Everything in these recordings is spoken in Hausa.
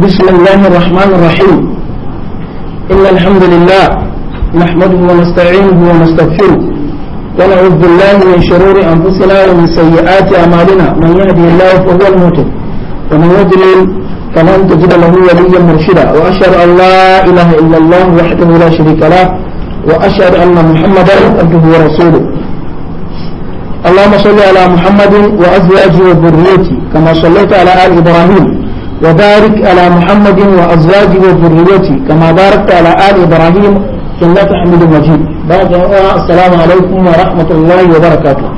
بسم الله الرحمن الرحيم إن الحمد لله نحمده ونستعينه ونستغفره ونعوذ بالله من شرور أنفسنا ومن سيئات أعمالنا من يهدي الله فهو المهتد ومن يضلل فلن تجد له وليا مرشدا وأشهد أن لا إله إلا الله وحده لا شريك له وأشهد أن محمدا عبده ورسوله اللهم صل على محمد وأزواجه وذريته كما صليت على آل إبراهيم وبارك على محمد وأزواجه وذريته كما باركت على آل إبراهيم إنك حميد مجيد بعد السلام عليكم ورحمة الله وبركاته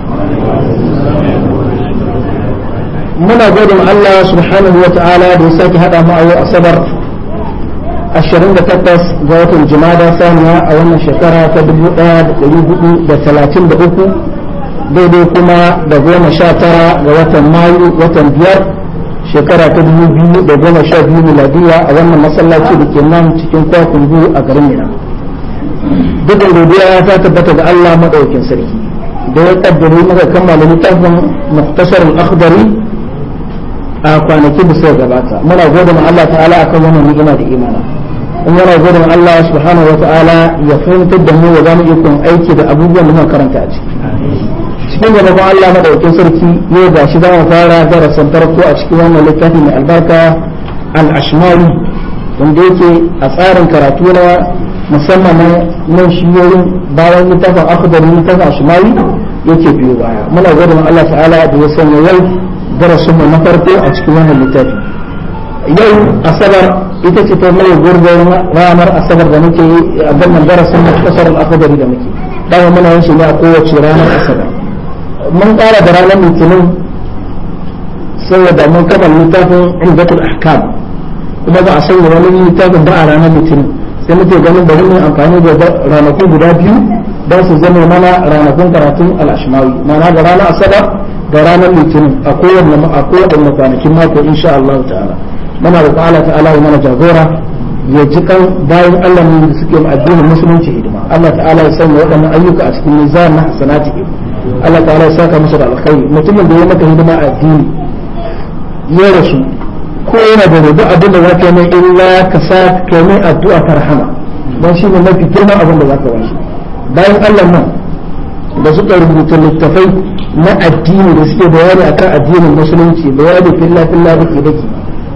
muna godin Allah subhanahu wa ta'ala da ya sake haɗa mu a yau asabar 28 ga watan jumada saniya a wannan shekara ta 1433 daidai kuma da goma sha tara ga watan mayu watan biyar shekara ta dubu biyu da goma sha biyu miladiya a wannan masallaci da ke nan cikin kwakwun biyu a garin mina dukkan godiya ta tabbata ga allah maɗaukin sarki da ya kaddare muka kammala littafin muhtasar al-akhdari a kwanaki da suka gabata muna gode ma allah ta'ala akan wannan ni'ima da imana in yana gode ma allah subhanahu wa ta'ala ya fahimtar da mu wa zamu ikon aiki da abubuwan da muka karanta a ciki cikin gaba ba Allah madaukin sarki ne ga shi za mu fara darasin farko a cikin wannan littafi mai albarka al-ashmari wanda yake a tsarin karatu na musamman na nan shiyoyin bayan littafin akhbari littafin ashmari yake biyo baya muna gode Allah ta'ala da ya sanya yau darasin mu na farko a cikin wannan littafi yau asabar ita ce ta mai gurbin ranar asabar da muke a wannan darasin na kasar al-akhbari da muke dawo muna yin shi ne a kowace ranar asabar mun ƙara da ranar litinin saboda mun kafa littafin indatul ahkam kuma ba a sanya wani littafin ba a ranar litinin sai muke ganin bari mu amfani da ranakun guda biyu don su zama mana ranakun karatun al'ashmawi mana da ranar asabar da ranar litinin a kowanne kwanakin mako insha Allah ta'ala muna da ta'ala ta'ala mana jagora ya ji kan bayan Allah ne da suke addinin musulunci hidima Allah ta'ala ya sanya waɗannan ayyuka a cikin mizan na hasanati Allah ta'ala ya saka masa da alkhairi mutumin da ya maka hidima a addini ya rasu ko yana da rubu abin da zaka mai illa ka sa ka mai addu'a ta rahama dan shine mafi girman abin da zaka wasu bayan Allah nan da suka rubuta littafai na addini da suke bayani akan addinin musulunci bayani filla filla baki baki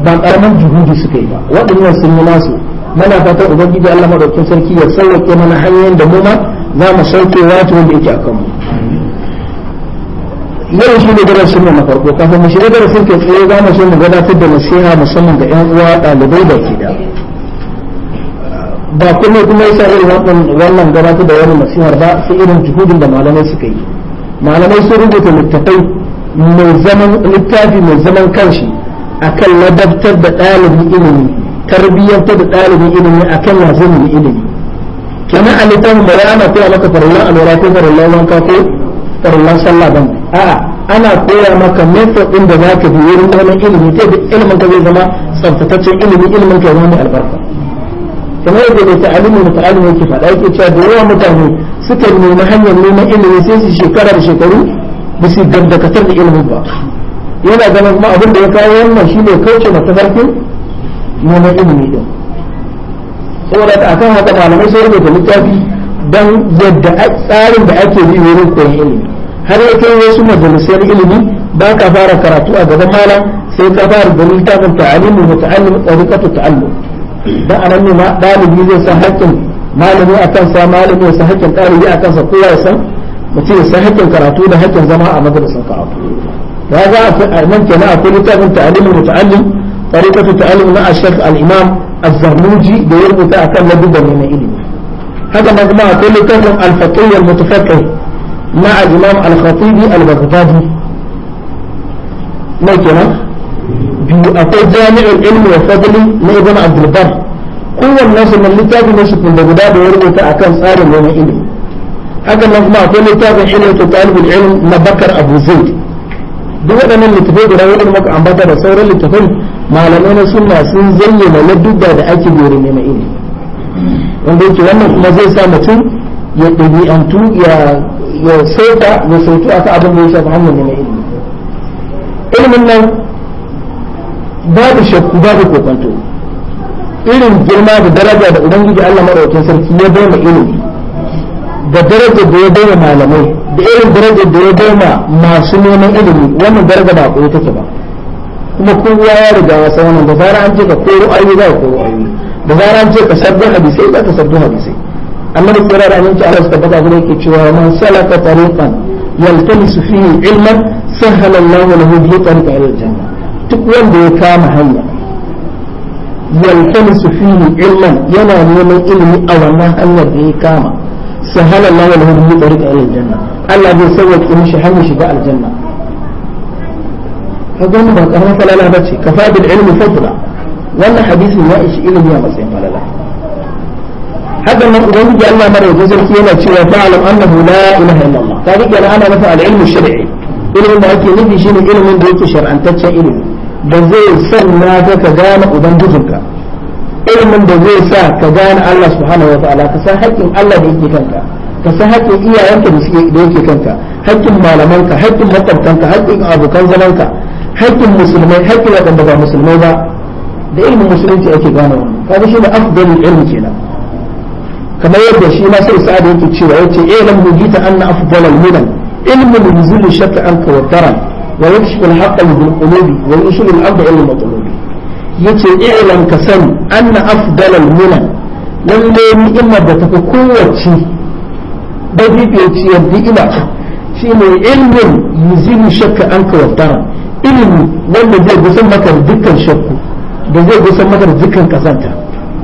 ba karamin juhudi suka yi ba waɗannan sun yi nasu muna fata ubangiji Allah madaukakin sarki ya sauke mana hanyoyin da mu ma za mu sauke wato wanda yake akan mu yau shi ne darasin mu na farko kafin mu shiga darasin ke tsaye za mu so mu gabatar da nasiha musamman ga yan uwa ɗalibai da ke da ba kuma kuma yasa irin wannan gabatar da wani nasihar ba su irin juhudin da malamai suka yi malamai sun rubuta littafai mai zaman littafi mai zaman kanshi akan ladabtar da ɗalibin ilimi tarbiyyantar da ɗalibin ilimi akan lazimin ilimi kenan a littafin bayan ana koya maka farallan alwala ko farallan wanka ko farallan sallah ba a'a ana koya maka method din da zaka bi wurin neman ilimi ta ilimin ka zai zama tsaftataccen ilimi ilimin ka zama albarka kamar yadda mai ta'alimi mai ta'alimi yake faɗa yake cewa da yawa mutane suka nemi hanyar neman ilimi sai su shekara da shekaru ba su gamdakatar da ilimin ba yana ganin kuma abin da ya kawo wannan shine kauce mata farkin neman ilimi din saboda ta akan haka malamai sai da littafi don yadda tsarin da ake yi wurin koyon ilimi har ya kai wasu majalisar ilimi ba ka fara karatu a gaban malam sai ka fara da littafin ta'alimin muta'allim tsarikatu ta'allum da anan ne ɗalibi zai san haƙƙin malami a kansa malami ya san haƙƙin ɗalibi a kansa kowa ya san mutum ya san haƙƙin karatu da haƙƙin zama a madrasar karatu ya ga a nan kenan akwai littafin ta'alimin muta'allim tsarikatu ta'allum na ashek al-imam az-zarmuji da ya rubuta akan ladubban na ilimi haka ma kuma akwai littafin al-faqih al-mutafaqqih na al-imam al-khatibi al-baghdadi mai kenan biyu akwai jami'ul ilmi wa fadli na ibn abdul bar kowanne su mun littafin ne shi da guda da ya rubuta akan tsarin wani ilimi haka nan kuma akwai ilmi na bakar abu zaid duk waɗannan littafai guda waɗanda muka ambata da sauran littafin malamai na suna sun zayyana ladduba da ake ne na ilimi wanda yake wannan kuma zai sa mutum ya ɗabi'antu ya ya saita ya saitu a abin da ya shafi hannun na ilimi ilimin nan babu shakku babu kokonto irin girma da daraja da ubangiji Allah madaukakin sarki ya bai ma ilimi da darajar da ya bai malamai da irin darajar da ya bai ma masu neman ilimi wannan daraja ba koyi take ba kuma kowa ya riga ya san wannan da fara an ce ka koro ayyuka ko koro ayyuka da zara an ce ka sabbin hadisai za ka sabbin hadisai amma da kira da aminci Allah su wa gure yake cewa man salaka tariqan yaltamisu fihi ilman sahala Allahu lahu bihi tariqan ila janna duk wanda ya kama hanya yaltamisu fihi ilman yana neman ilimi a wannan hanyar da ya kama sahala Allahu lahu bihi tariqan ila janna Allah zai sauke mishi hanyar shiga aljanna kaga wannan ba karamar falala bace kafa bil ilmi fadla wannan hadisin ya ishi ilimi a matsayin falala haka nan ubangiji Allah mara yanzu sarki yana cewa fa'alam annahu la ilaha illallah ta rike ana masa al-ilmu shar'i ilimin da ake nufi shine ilimin da yake shar'antaccen ilimi da zai sanna ka ka gane ubangijinka ilimin da zai sa ka gane Allah subhanahu wa ta'ala ka san haƙƙin Allah da yake kanka ka san haƙƙin iyayenka da suke da yake kanka haƙƙin malamanka haƙƙin makwabtanka haƙƙin abokan zamanka haƙƙin musulmai haƙƙin waɗanda ba musulmai ba da ilmin musulunci ake gane wannan kaga shi da afdalul ilmi kenan kamar yadda shi na sai sa'ad yake cewa yace eh lam mujita anna afdalul hudan ilmun yuzil shakka an kawattara wa yakshifu al-haqqa bil qulubi wa yushil al-arda ila al-matlubi yace i'lam ka sani anna afdalul hudan lalle ni'imar da tafi kowace da bibiyaciyar shi ne ilmin yuzil shakka an kawattara ilmi wanda zai gusan maka dukkan shakku da zai gusan maka da dukkan kasanta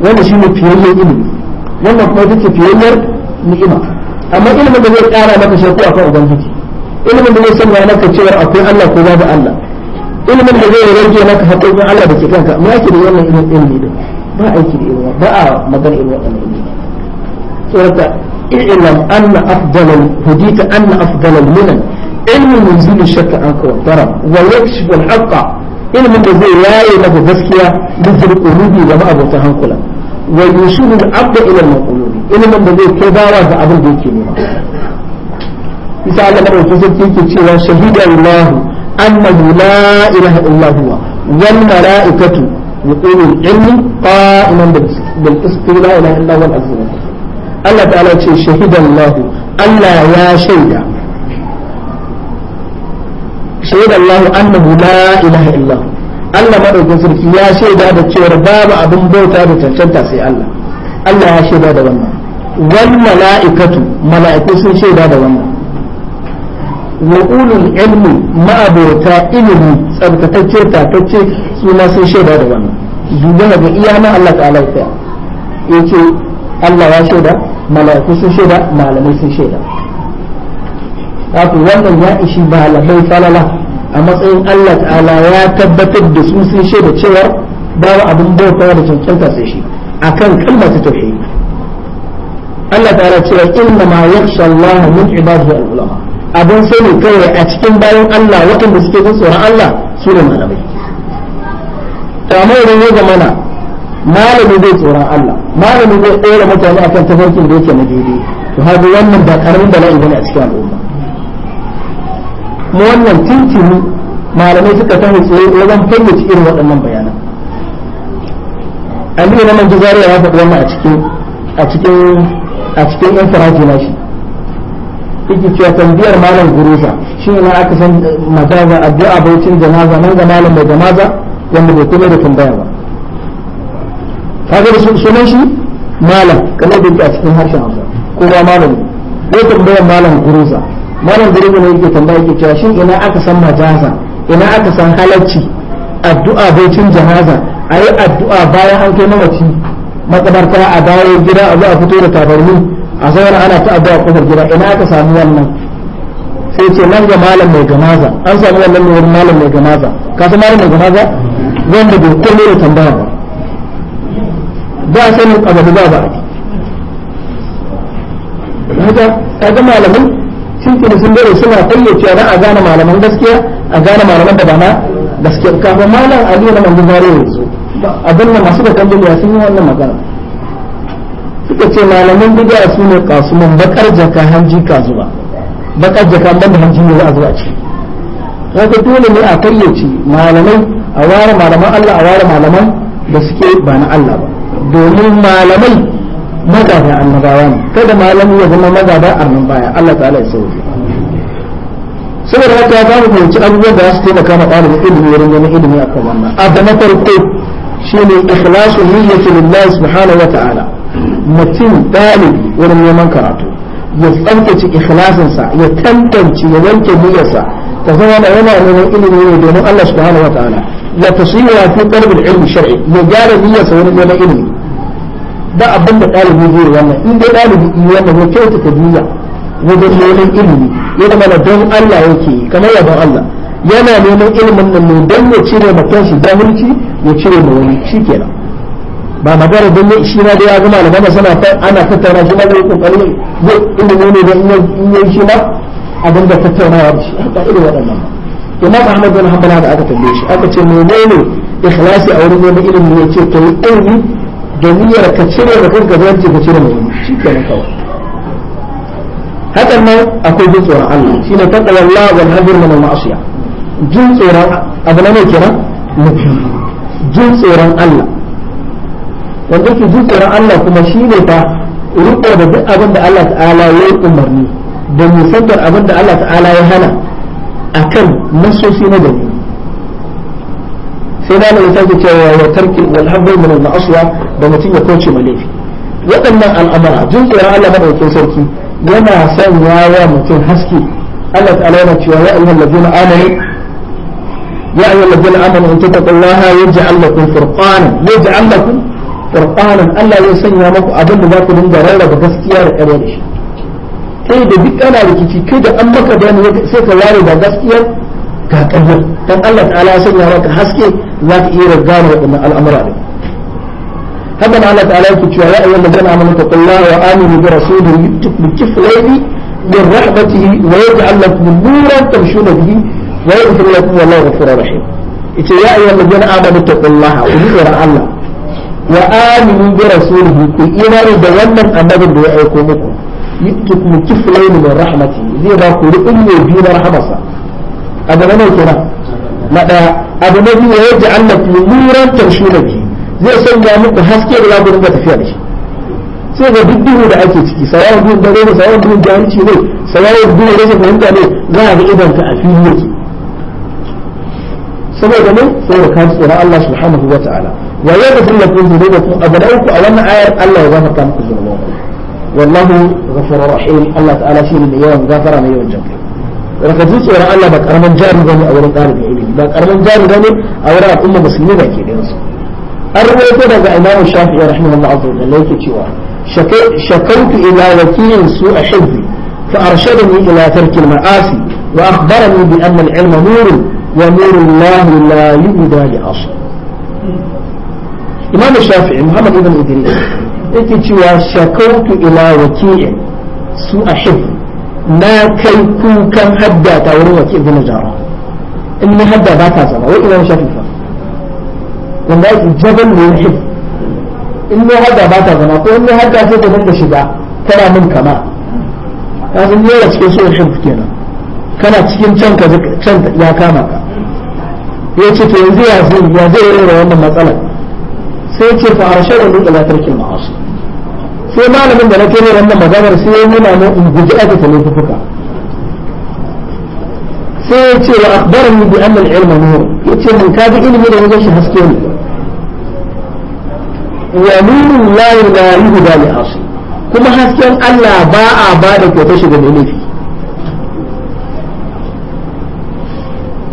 wannan shi ne fiyayyen ilimi wannan kuma ita ce fiyayyar ni'ima amma ilimin da zai kara maka shakku akan ubangiji ilimin da zai sanya maka cewa akwai Allah ko babu Allah ilimin da zai rage maka haƙoƙin Allah da ke kanka yake da wannan ilimin ilimi din ba aiki da ilimi ba a magana irin wannan ilimi saboda i'lam anna afdalal hudita anna afdalal minan ilmu munzilu shakka an kawtara wa yakshifu al-haqqa ilimin da zai yaye maka gaskiya da zirƙulubi ga ma'abota hankula wa yushiru al-abda ila al-maqulubi ilimin da zai kai bawa ga abin da yake nema isa Allah madaukakin sarki yake cewa shahida Allah annahu la ilaha illa huwa wal mala'ikatu wa ulul ilmi qa'iman bil qist la ilaha illa huwa al Allah ta'ala ce shahida Allah Allah ya shaida shahida Allahu annahu la ilaha illa Allah madaukin sarki ya shaida da cewar babu abin bauta da cancanta sai Allah Allah ya shaida da wannan wal mala'ikatu mala'iku sun shaida da wannan wa ulul ilmi ma'abota ilimi tsabtatacce tatacce su ma sun shaida da wannan duba ga iya na Allah ta'ala ya yace Allah ya shaida mala'iku sun shaida malamai sun shaida wato wannan ya ishi malamai falala a matsayin Allah ta'ala ya tabbatar da su sun shaida cewa babu abin bauta da cancanta sai shi akan kalma ta tauhid Allah ta'ala cewa inna ma yakhsha Allah min ibadihi al-ulama abin sani kawai a cikin bayan Allah waɗanda suke jin tsoron Allah su ne malamai kamar idan ya mana malami zai tsoron Allah malami zai ɗora mutane akan tafarkin da yake na daidai to haka wannan ba karamin bala'i bane a cikin al'umma na wannan tuntuni malamai suka hutsu tsaye zan fayyace irin waɗannan bayanan biyu na manjizari ya faɗi wannan a cikin a cikin a cikin na shi yake cewa tambiyar malam gurusa shi ne aka san mazaza addu'a bautin janaza nan ga malam mai janaza wanda bai kuma da tambaya ba kaga da sunan shi malam kamar da a cikin harshen hausa ko ba malam ko tambayar malam gurusa malam birni ne yake tambaya yake cewa shin ina aka san majaza ina aka san halacci addu'a cin janaza a yi addu'a bayan an kai mawaci makabarta a dawo gida a zo a fito da tabarmi a zauna ana ta addu'a kofar gida ina aka samu wannan sai ce nan ga malam mai gamaza an samu wannan ne wurin malam mai gamaza ka san malam mai gamaza wanda bai komai da tambaya ba ba ne abu ba ba ka ga malamin sun kuma sun dare suna fayyace don a gane malaman gaskiya a gane malaman da ba na gaskiya kafin malam aliyu na manzon zare yanzu abin da masu da kan tambaya sun yi wannan magana suka ce malaman bid'a su ne kasuman bakar jaka hanji ka kazuba bakar jaka ban da hanji ne za a zuwa ce kaga dole ne a kayyace malamai a ware malaman Allah a ware malaman da suke ba na Allah ba domin malamai magada annabawa ne kada malami ya zama magada annan baya Allah ta'ala ya sauke saboda haka ya mu fahimci abubuwan da za su taimaka ma ɗalibin ilimi wurin ganin ilimi a kan wannan abu na farko shine ikhlasu niyyati lillahi subhanahu wa ta'ala mutum ɗalibi wurin neman karatu ya tsaftace ikhlasinsa ya tantance ya wanke niyyarsa ta zama da yana neman ilimi ne domin Allah subhanahu wa ta'ala ya tasiri fi qalbi al-ilmi shar'i ya gyara niyyarsa wurin neman ilimi ba abin da ɗalibi zai wannan in dai ɗalibi yi wannan ya kyauta ta duniya wajen neman ilimi ya zama don Allah yake kamar yabon Allah yana neman ilimin nan ne don ya cire ma kanshi jahilci ya cire ma wani shikenan ba magana don ya shi ma da ya gama da suna ana tattauna shi ma zai kokari zai ilimi ne don in yi shi ma abin da tattaunawa da shi haka irin waɗannan ba imam ahmad bin hanbala da aka tambaye shi aka ce menene ikhlasi a wurin neman ilimi ya ce kai ilimi da yara ka cire da kanka zalunci ka cire mutum shi ke kenan kawai hakan nan akwai jin tsoron Allah shi shine taqwa Allah wal hadir min ma'asiya jin tsoron abu na ne kenan jin tsoron Allah wanda ke jin tsoron Allah kuma shi ne fa riko da duk abin da Allah ta'ala ya umarni da musaddar abin da Allah ta'ala ya hana akan nasosi na gari sai da Allah ya sake cewa ya tarki wal habbu min al aswa da mutum ya kauce ma laifi waɗannan al'amara jinkirar tsoron Allah madaukakin sarki yana sanya wa mutum haske Allah ta'ala yana cewa ya ayyuhal ladina amanu يا أيها الذين آمنوا إن تتقوا الله يجعل لكم فرقانا يجعل لكم فرقانا ألا يسني مكو أبن ذاك من دلالة بغسكيا لكريش kai da duk ana rikici kai da an maka bayani sai ka ware da gaskiya ga ƙaryar dan Allah ta'ala ya sanya maka haske za ka iya gane waɗannan al'amura ne haka na Allah ta'ala yake cewa ya ayyuhal ladina amanu taqullaha wa aminu bi rasulihi yutikum kiflayni min rahmatihi wa yaj'al lakum nuran tamshuna bihi wa yaghfir lakum wallahu ghafurur rahim ita ya ayyuhal ladina amanu taqullaha wa yuzira Allah wa aminu bi rasulihi ku imani da wannan annabin da ya aiko muku yutikum kiflayni min rahmatihi zai ba ku rubin ne biyu na rahmarsa abu na nauke na ɗaya abu na biyu ya ji Allah fi nuran tarshuna bi zai sanya muku haske da za ku tafiya da shi sai ga duk duhu da ake ciki sawawar duhun dare ne sawawar duhun jahilci ne sawawar da rashin fahimta ne za a ga idan ka a fili yake saboda ne saboda ka ji tsoron Allah subhanahu wa ta'ala wa ya gafin da kun zuru da kun abu da uku a wannan ayar Allah ya gafarta muku zunubanku wallahu ghafurur rahim Allah ta'ala shi ne yawan gafara mai yawan jinkai ka ji tsoron Allah ba karaman jari ba ne a wurin ɗalibin ilimi ba karaman jari ba ne a wurin al'umma musulmi ba ke ɗaya su an rawaito daga imamu shafi'i rahimahullah azza wa jalla yake cewa shakautu ila wakilin su a hibbi fa arshadani ila tarkil ma'asi wa akhbarani bi anna al-ilma nurun wa nurul lahi la yubda li asr imamu shafi'i muhammad ibn idris yake cewa shakautu ila wakilin su a hibbi na kai kukan hadda ta wurin wake ibn jara in na hadda ba ta saba wai imam shafi fa wanda yake jabal mulhid in na hadda ba ta zama ko in na hadda sai ta dinga shiga kana min kama ka san ne da cikin sunan shafi kenan kana cikin can ka can ya kama ka ya ce to yanzu ya zai ya zai rera wannan matsalar sai ce fa arshadu ila tarkil ma'asi sai malamin da na kai wannan maganar sai ya nuna mu in guji aikata laifuka sai ya ce wa akhbarani bi anna al-ilm nur yace mun ka bi ilimi da wajen shi haske ne wa nurun la yulahi da li asu kuma hasken Allah ba a ba da kyautar shi ga mai laifi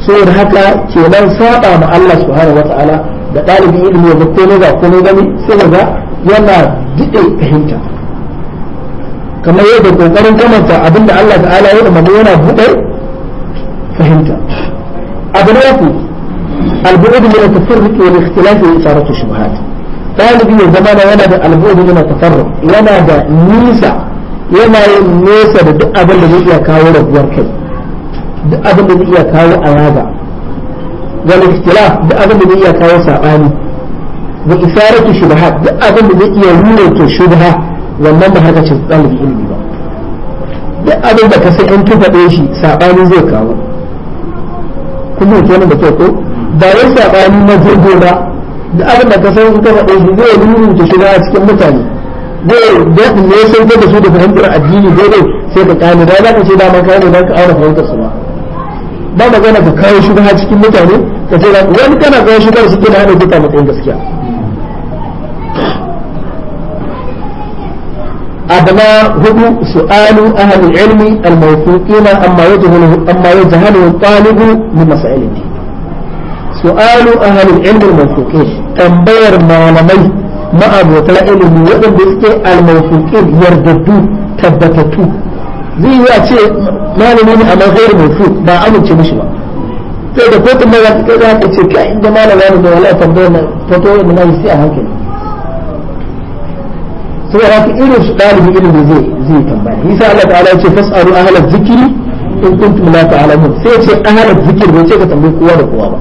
saboda haka kenan saba ma Allah subhanahu wata'ala da ɗalibin ilimi ya ko ne ga ko ne gani sai ga yana jiɗin fahimta kamar yadda kokarin kamanta abin da Allah ta'ala ya umarni yana buɗe fahimta abu na uku albu'udu min at-tafarruq wal ikhtilaf wa ta shubuhat talibi ya zama na yana da albu'udu min at-tafarruq yana da nisa yana yin nesa da duk abin da zai iya kawo rabuwar kai duk abin da zai iya kawo alaga wal ikhtilaf duk abin da zai iya kawo sabani wa isaratu shubha duk abin da zai iya rure ke shubha wannan ba harkacin ɗalibi ilimi ba duk abin da ka sai an tufaɗe shi saɓani zai kawo kuma ke nan da kyau ko ba wai saɓani na jirgin ba duk abin da ka sai an tufaɗe shi zai rure ke shubha cikin mutane zai daɗin ne sai da su da fahimtar addini daidai sai ka kane da za ka ce dama kane da ka auna fahimtar su ba ba magana ka kawo shubha cikin mutane ka ce wani kana kawo shubha da hana ta matsayin gaskiya adama hudu su'alu ahlul ilmi al-mawthuqina amma yajhalu amma yajhalu al-talibu min masailihi su'alu ahlul ilmi al-mawthuqin tambayar malamai ma abotar ilimi waɗanda suke al-mawthuqin yardaddu tabbatattu zai ce malami ne amma ghairu mawthuq ba amince mishi ba sai da kotun ma za ka kai za ka ce kai inda malama ne da wala tambayar ta na yi a hankali sai ya fi irin su ɗalibi ilimi zai zai tambaya isa Allah ta'ala ya ce fas'alu ahlal zikri in kuntum la ta'lamun sai ya ce ahlal zikri bai ce ka tambayi kowa da kowa ba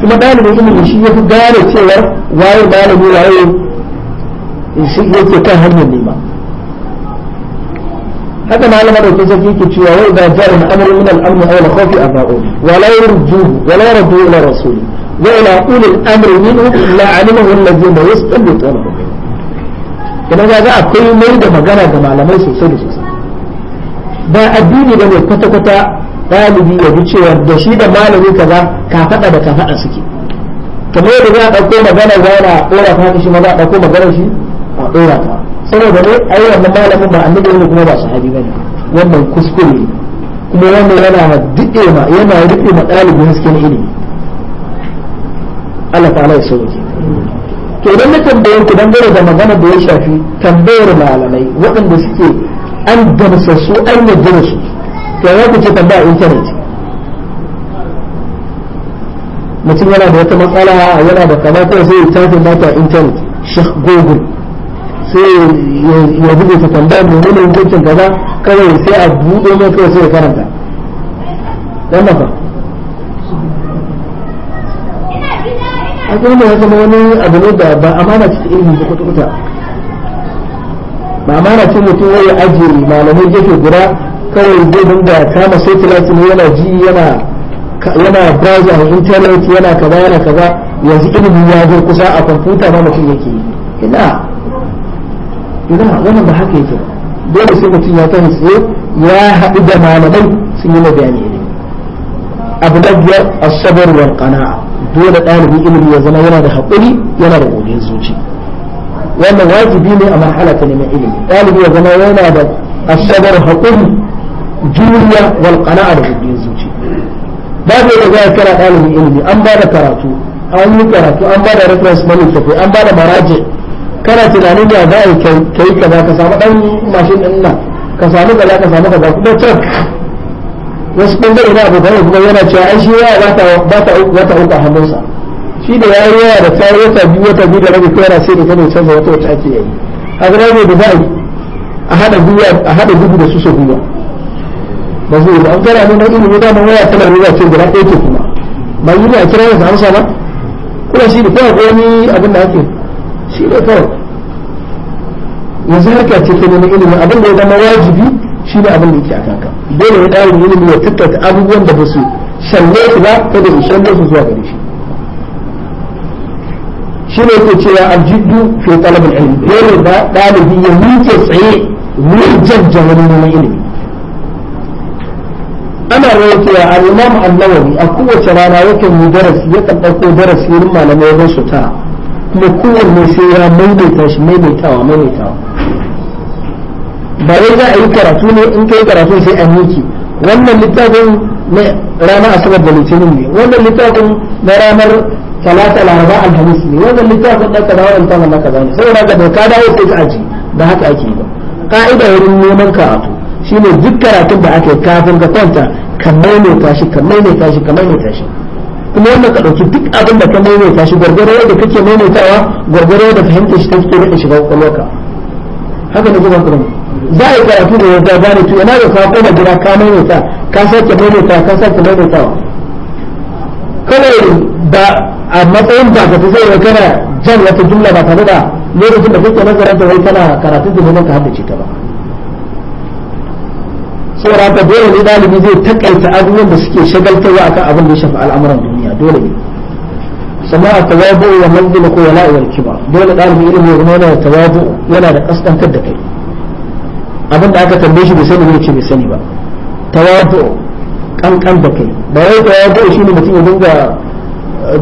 kuma ɗalibin ilimi shi ya fi gane cewar waye malami waye shi yake kan hanyar nema هذا ما لم يكن فيك تشوى وإذا جاء الأمر من الأمن أو الخوف أباؤه ولا يرجوه ولا يردوه إلى رسوله وإلى أولي الأمر منهم لا علمه الذين يستنبطونه منه kuma ga akwai mai da magana da malamai sosai da sosai ba addini ba ne kwata-kwata ɗalibi ya bi cewa da shi da malami kaza ka faɗa da ka faɗa suke kamar yadda za a ɗauko magana za a ɗora ta shi ma za a ɗauko magana shi a ɗora ta saboda ne ai wannan malamin ba annabi ne kuma ba sahabi bane wannan kuskure ne kuma wannan yana duɗe ma yana rufe ma ɗalibin haske ilimi Allah ta'ala ya sauke to idan na tambaye ku dangane da magana da ya shafi tambayar malamai waɗanda suke an gamsa su an yi da su to ya ku ce tambaya intanet mutum yana da wata matsala yana da kama kawai sai ya tafi mata intanet shi google sai ya buɗe ta tambaya mai nuna hukuncin kaza kawai sai a buɗe mai kawai sai ya karanta dan haka wanda ya zama wani abu ne da ba amana ce ilimi ba kwata-kwata ba amana ce mutum wai ajiye malamai gefe guda kawai zai dinga kama satellite ne yana ji yana yana browser internet yana kaza yana kaza yanzu ilimi ya zo kusa a kwamfuta ma mutum yake yi ina ina wannan ba haka yake dole sai mutum ya tashi tsaye ya haɗu da malamai sun yi na bayani ne abu na biyar asabar wal qana'a dole ɗalibin ilimi ya zama yana da haƙuri yana da godiyar zuci wannan wajibi ne a marhala ta neman ilimi ɗalibi ya zama yana da asabar haƙuri juriya wal qana'a da godiyar zuci ba yadda da a kira ɗalibin ilimi an ba da karatu an yi karatu an ba da reference na littafi an ba da maraje kana tunanin da za a yi kai ka samu ɗan mashin ɗin nan ka samu kaza ka samu kaza kuma can wasu ɓangare na abu bayan kuma yana cewa ai shi waya ba ta wata uku a hannunsa shi da yayi waya da ta wata biyu wata biyu da rabi yana sai da kano canza wata wata ake yi a ga rabi da zai a hada dubu a hada dubu da su su duba ba zai yi an gara mun da ilimi da waya tana ruwa ce da ɗaya ke kuma ba yi a kira da amsa ba kuma shi da kuma wani abin da ake shi da kawai yanzu haka ce ke nuna ilimi abin da ya zama wajibi shi ne abin da yake a kanka dole ya ɗari ilimi ya tattata abubuwan da ba su shalle su ba ta su shalle su zuwa gare shi shi ne ke cewa aljiddu fi talabul ilmi dole da ɗalibi ya miƙe tsaye mijan jahilin neman ilimi ana rawaitowa al-imam an-nawawi a kowace rana yakan yi darasi yakan ɗauko darasi yin malamai ya ta kuma kowanne sai ya maimaita shi maimaitawa maimaitawa ba wai za a yi karatu ne in kai karatu sai an miki wannan littafin na ranar asabar da litinin ne wannan littafin na ranar talata laraba alhamis ne wannan littafin na kaza wa alfama na kaza ne saboda ka da ka dawo sai ka aji ba haka ake yi ba ka'ida wurin neman karatu shine duk karatun da aka yi kafin ka kwanta ka maimaita shi ka maimaita shi ka maimaita shi kuma wannan ka ɗauki duk abin da ka maimaita shi gwargwaro yadda kake maimaitawa gwargwaro da fahimtar shi ta fito da shiga kwakwalwarka haka ne zuwa kuma za a yi karatu da wata gane to ina da sako da gida ka maimaita ka sake maimaita ka sake maimaita kawai da a matsayin ba ka zai yi kana jan wata jumla ba tare da lokacin da kake nazarin da wai kana karatu da neman ka haddace ta ba saboda haka dole ne dalibi zai takaita abubuwan da suke shagaltarwa akan abin da ya shafi al'amuran duniya dole ne sama a tawabu wa manzila ko wala'i wal kibar dole dalibi ilimi yana da tawabu yana da kaskantar da kai abin da aka tambaye shi bai sani ne ce bai sani ba tawadu kankan da kai ba wai tawadu shi ne mutum ya dinga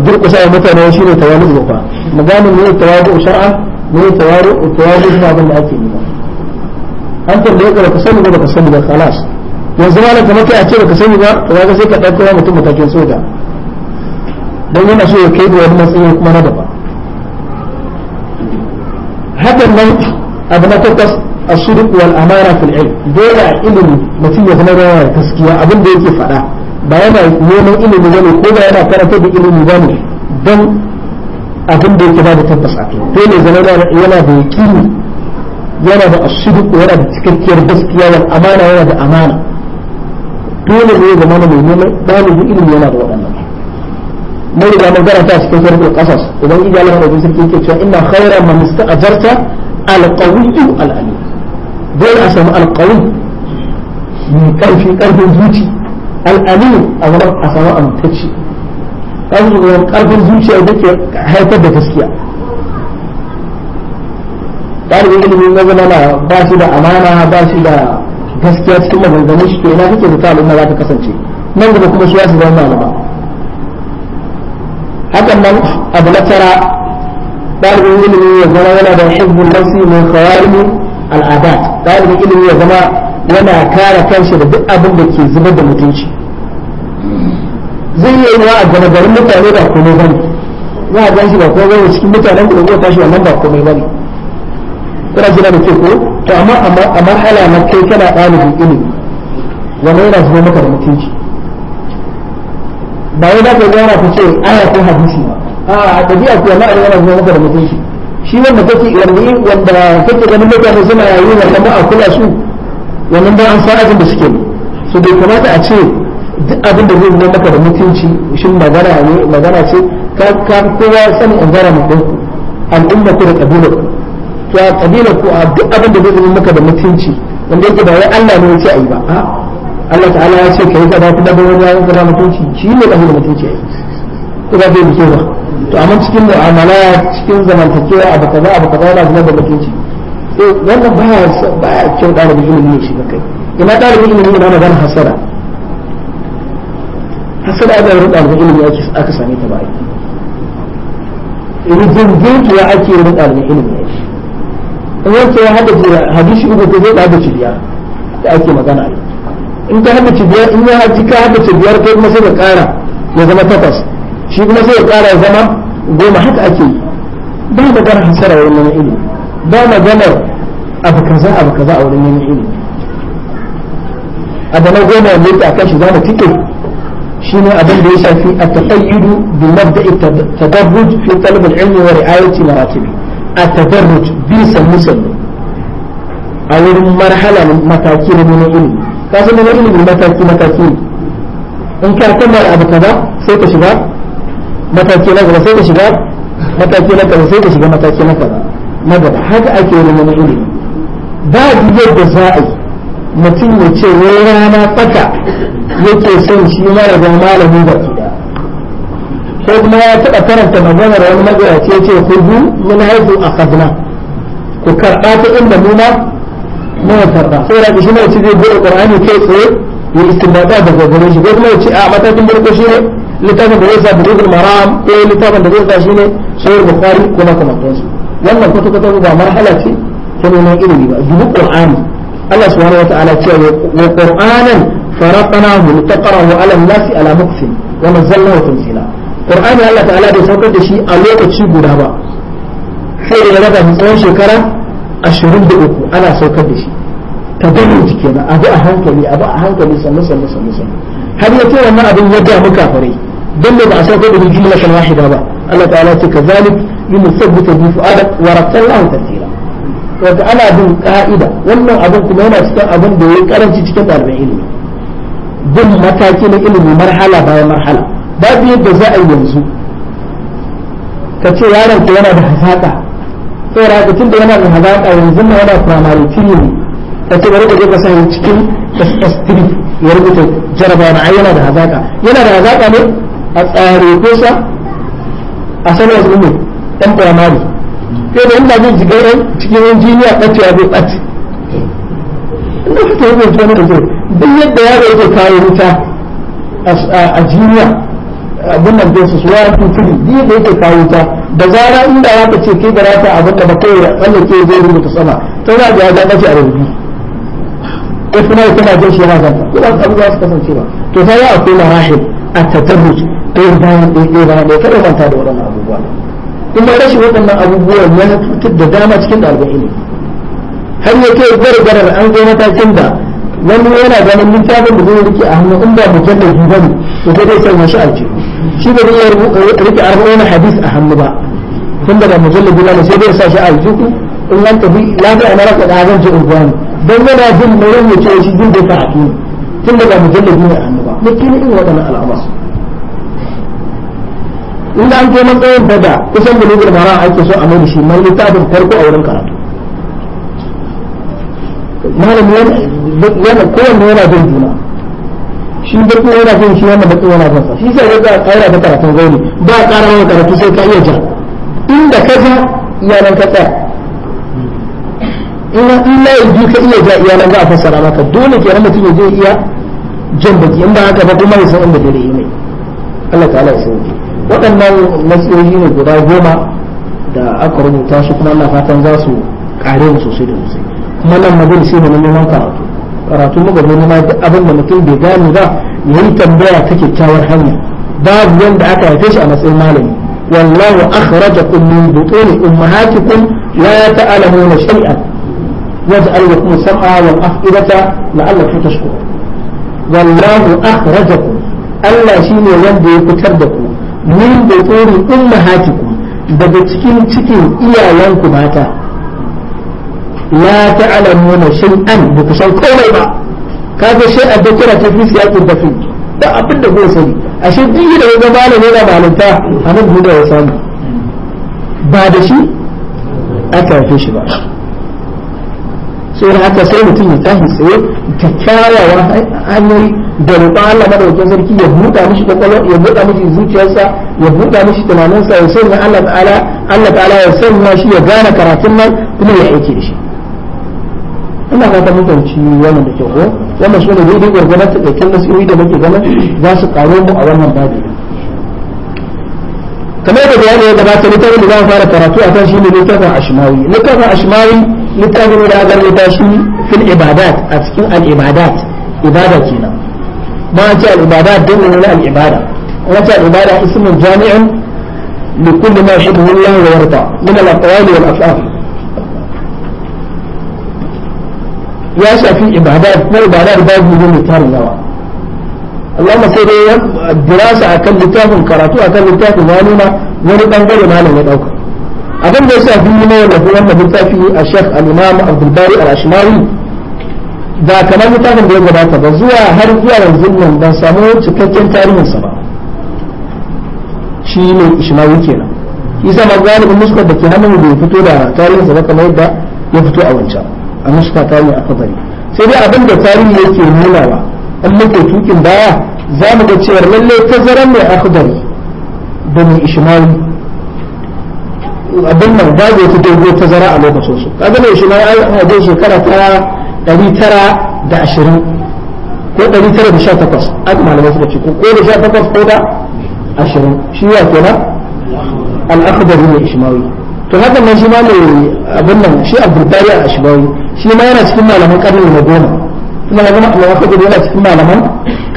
durkusa wa mutane shi ne tawadu ba mu gane ne tawadu shar'a ne tawadu tawadu shi abin da ake yi ba an tambaye ka baka sani ba baka sani ba khalas yanzu malam kamar kai a ce baka sani ba to kaga sai ka dauko mutum matakin soja dan yana so ya kai da wani matsayi kuma na daban hakan nan abu na takwas a shirku wal amara fil ilm dole a ilimi mutum ya zama yana gaskiya abin da yake faɗa ba yana neman ilimi ba ne ko ba yana karanta da ilimi ba ne don abin da yake ba da tabbas a kai dole zama yana da yaƙini yana da ashirku yana da cikakkiyar gaskiya wal amana yana da amana dole ne zama mai neman ɗalibin ilimi yana da waɗannan mai da magana ta cikin sarkar ƙasas idan ijiyar Allah da sarki yake cewa ina khairan man ista'ajarta alƙawiyu al'ali dole a samu alƙawi mai ƙarfi ƙarfin zuci al'ali a wani a samu amintacci ƙarfin zuciya da ke haifar da gaskiya ɗalibin ilimin na zama na ba shi da amana ba shi da gaskiya cikin maganganun shi to ina kake da ta al'umma za ta kasance nan gaba kuma shi ya su zama malama hakan nan abu na tara ɗalibin ilimi ya zama yana da hibbun nafsi mai khawarimi al'adat ɗalibin ilimi ya zama yana kare kanshi da duk abin da ke zubar da mutunci zai yi wa a gama garin mutane ba komai bane za a ganshi ba kome bane cikin mutanen da zai tashi wannan ba komai bane kuna jira da ke ko to amma a marhala na kai kana ɗalibin ilimi wannan yana zubar maka da mutunci ba wai za ka gara ku ce aya ko hadisi ba a tafiya ce amma yana zuwa maka da mutunci shi wanda kake wanda wanda kake ganin mutane suna yi wanda ba a kula su wannan ba an san ajin da suke su bai kamata a ce duk abin da zai maka da mutunci shin magana ne magana ce ka ka kowa gara environment din al'umma ku da kabilar to a kabilar ku a duk abin da zai maka da mutunci wanda yake ba wai Allah ne yake yi ba Allah ta'ala ya ce kai kaza kuma da wani ya kaza mutunci shi ne da mutunci a yi. ina bai mutu ba to amma cikin mu'amala cikin zamantakewa abu kaza abu kaza yana zama da mutunci eh wannan baya baya kyau da ilimi ne shi kai ina da ilimi ne na magana hasara hasara da rubuta da ilimi ake aka same ta ba ai rijin jinkiya ake rubuta da ilimi in wanke ya hada hadisi uku ko zai hada cibiya da ake magana ai in ka hada cibiya in ya haji ka hada cibiyar kai kuma sai ka kara ya zama takwas shi kuma sai ya kara zama goma haka ake yi ba maganar hasara wurin neman ilimi ba maganar abu kaza abu kaza a wurin neman ilimi abu na goma wanda ta akan shi za mu tike shi ne abin da ya shafi a taƙayyidu bi ta tadarruj fi talab al-ilmi wa ri'ayati maratibi a ta tadarruj bisa sannu a wurin marhala mataki na neman ilimi ka san neman ilimi mataki mataki in ka kammala abu kaza sai ka shiga mataki na gaba sai ka shiga mataki na gaba sai ka shiga mataki na gaba na gaba haka ake neman ilimi ba yadda za a yi mutum ya ce wai rana tsaka yake son shi mara zama malami ba ko kuma ya taɓa karanta maganar wani magaraci ya ce hudu mun haifu a kazna ku karɓa ta inda muna muna karɓa sai da shi ne ci zai buɗe ƙur'ani kai tsaye ya istinbata daga gare shi ko kuma ya ce a matakin farko shi ne littafin da zai sa bulugul maram ko littafin da zai sa shi ne sahih bukhari ko makamantansu wannan kwata kwata ba marhala ce ta neman ilimi ba dubu qur'ani Allah subhanahu wataala ce wa qur'anan faraqnahu litaqrahu ala an-nasi ala mukfin wa nazzalnahu tanzila qur'ani Allah ta'ala bai saukar da shi a lokaci guda ba sai da ya raba tsawon shekara 23 ana saukar da shi ta gani jike abu a hankali abu a hankali sannu sannu sannu sannu har ya ce wannan abin ya damu kafirai dan ba a sauko da jumla kan wahida ba Allah ta'ala ce ka zalik yin sabbata bi fu'ada wa rattallahu tartila wata ana bin ka'ida wannan abin kuma yana cikin abin da ya karanci cikin ɗalibin ilimi bin mataki na ilimi marhala bayan marhala babu yadda za a yi yanzu ka ce yaron ka yana da hazaƙa saboda haka tunda yana da hazaƙa yanzu ma yana primary three ta bari ka je ka sa cikin ss3 ya rubuta jarabawa na yana da hazaka yana da hazaka ne a tsare ko sa a sanar da umar dan firamare kai da inda zai jigaran cikin injiniya ɓace ya zai ɓace inda kuka yi zai wani da duk yadda ya yake kawo wuta a jiniya abin nan dai su suwa tuturi duk yadda yake kawo wuta da zara inda ya ce kai da rata abin da ba kai ya tsallake zai rubuta sama ta za a ga ya ɓace a rubutu ko kuma ya tana jin shi yana zan ko ba abu za su kasance ba to sai ya akwai marahib a tatarruj ɗaya bayan ɗaya ɗaya bayan ɗaya kada manta da waɗannan abubuwa kuma rashin waɗannan abubuwan ya cutar da dama cikin ɗalibai ilimi har ya kai gargarar an zo matakin da wani yana ganin littafin da zai rike a hannu in ba mujallabi ba ne to sai dai sanya shi a shi ba zai iya eh, rike arba'in hadis a hannu ba tun da ba mujallabi ba ne sai dai sa shi a aljihu in an tafi lafiya na raka da zan ji unguwa ne don yana jin mai ya ce shi jin da karatu tun daga mujallabi ne annaba ya kina irin waɗannan al'amura inda an kai matsayin da da kusan bulugul mara ake so a mai shi mai littafin farko a wurin karatu malam yana kowanne yana jin juna shi baki yana jin shi wannan baki yana jin sa shi sai ya ga kaira da karatun zauni ba ƙara wa karatu sai ka iya ja inda ka ja iyalan ka tsaya ina illa yanzu ka iya ja iya nan za a fassara maka dole ke nan mutum ya iya jan baki in ba haka ba kuma ya san inda dare ne Allah ta'ala ya sauke waɗannan matsayoyi ne guda goma da aka rubuta su kuma Allah fatan za su kare mu sosai da sosai kuma nan magana sai mun neman karatu karatu muka zo ma duk abin da mutum bai gane ba yayi tambaya ta tawar hanya babu wanda aka haife shi a matsayin malami wallahu akhrajakum min butuni ummahatikum la ta'lamuna shay'an واجعل لكم السمع والأفئدة لعلكم تشكرون والله أخرجكم ألا شيء يندي كتردكم من بطون أمهاتكم daga cikin cikin iyayenku mata la ta'lamuna shay'an ba ku san komai ba kaga shay a da ta fi siyaqin da fi ba abin da sani ashe da ga malami yana malanta anan ya samu ba da shi aka yafe shi ba سوى حتى سوى تيجي سهل سوى كتايا وراه أني دلوقتي لما لو تنزل كي يبوط أمشي تقول يبوط أمشي زوج جلسة يبوط أمشي تمانين سوى سوى الله تعالى الله تعالى سوى ما شيء جانا كراتنا كل يحكي ليش إن هذا ممكن شيء يوم نتوه يوم شو نقول ده كرجال تكلم نسوي ده بيجي جانا جالس كارون بو أول ما بعدين كما يتبعون يتبعون يتبعون يتبعون يتبعون يتبعون يتبعون يتبعون يتبعون يتبعون يتبعون يتبعون يتبعون يتبعون يتبعون متأمل إلى أجل يباشي في العبادات أتكين العبادات عبادة كينا ما جاء العبادات دون من العبادة وما جاء العبادة اسم جامع لكل ما يحبه الله ويرضى من الأقوال والأفعال يا في عبادات ما عبادات باب من مثال نوى اللهم سيدي الدراسة أكل لتاهم كراتو أكل لتاهم مالونا ونبنغل مالونا يدوكم abin da ya sa fi ne da fi wannan littafi a shek al-imam abdulbari al-ashmawi da kamar littafin da ya gabata ba zuwa har zuwa yanzu nan ban samu cikakken tarihinsa ba shi ne ishmawi kenan isa ma galibin nuskar da ke hannun ya fito da tarihinsa ba kamar yadda ya fito a wancan a nuska tarihi a kabari sai dai abin da tarihi yake nunawa in muke tukin baya za mu ga cewar lalle tazaran mai akhdari da mai ishmawi abin nan babu wata dogo tazara a lokacin su kaga ne shi ma ai an haje shekara ta ɗari tara da ashirin ko ɗari tara da takwas 918 aka malamai suka ce ko da takwas ko da ashirin shi ya kenan al-akhdari ne ishmawi to hakan nan shi ma mai abin nan shi abdulbari al-ashmawi shi ma yana cikin malaman karni na goma kuma na gama al-akhdari yana cikin malaman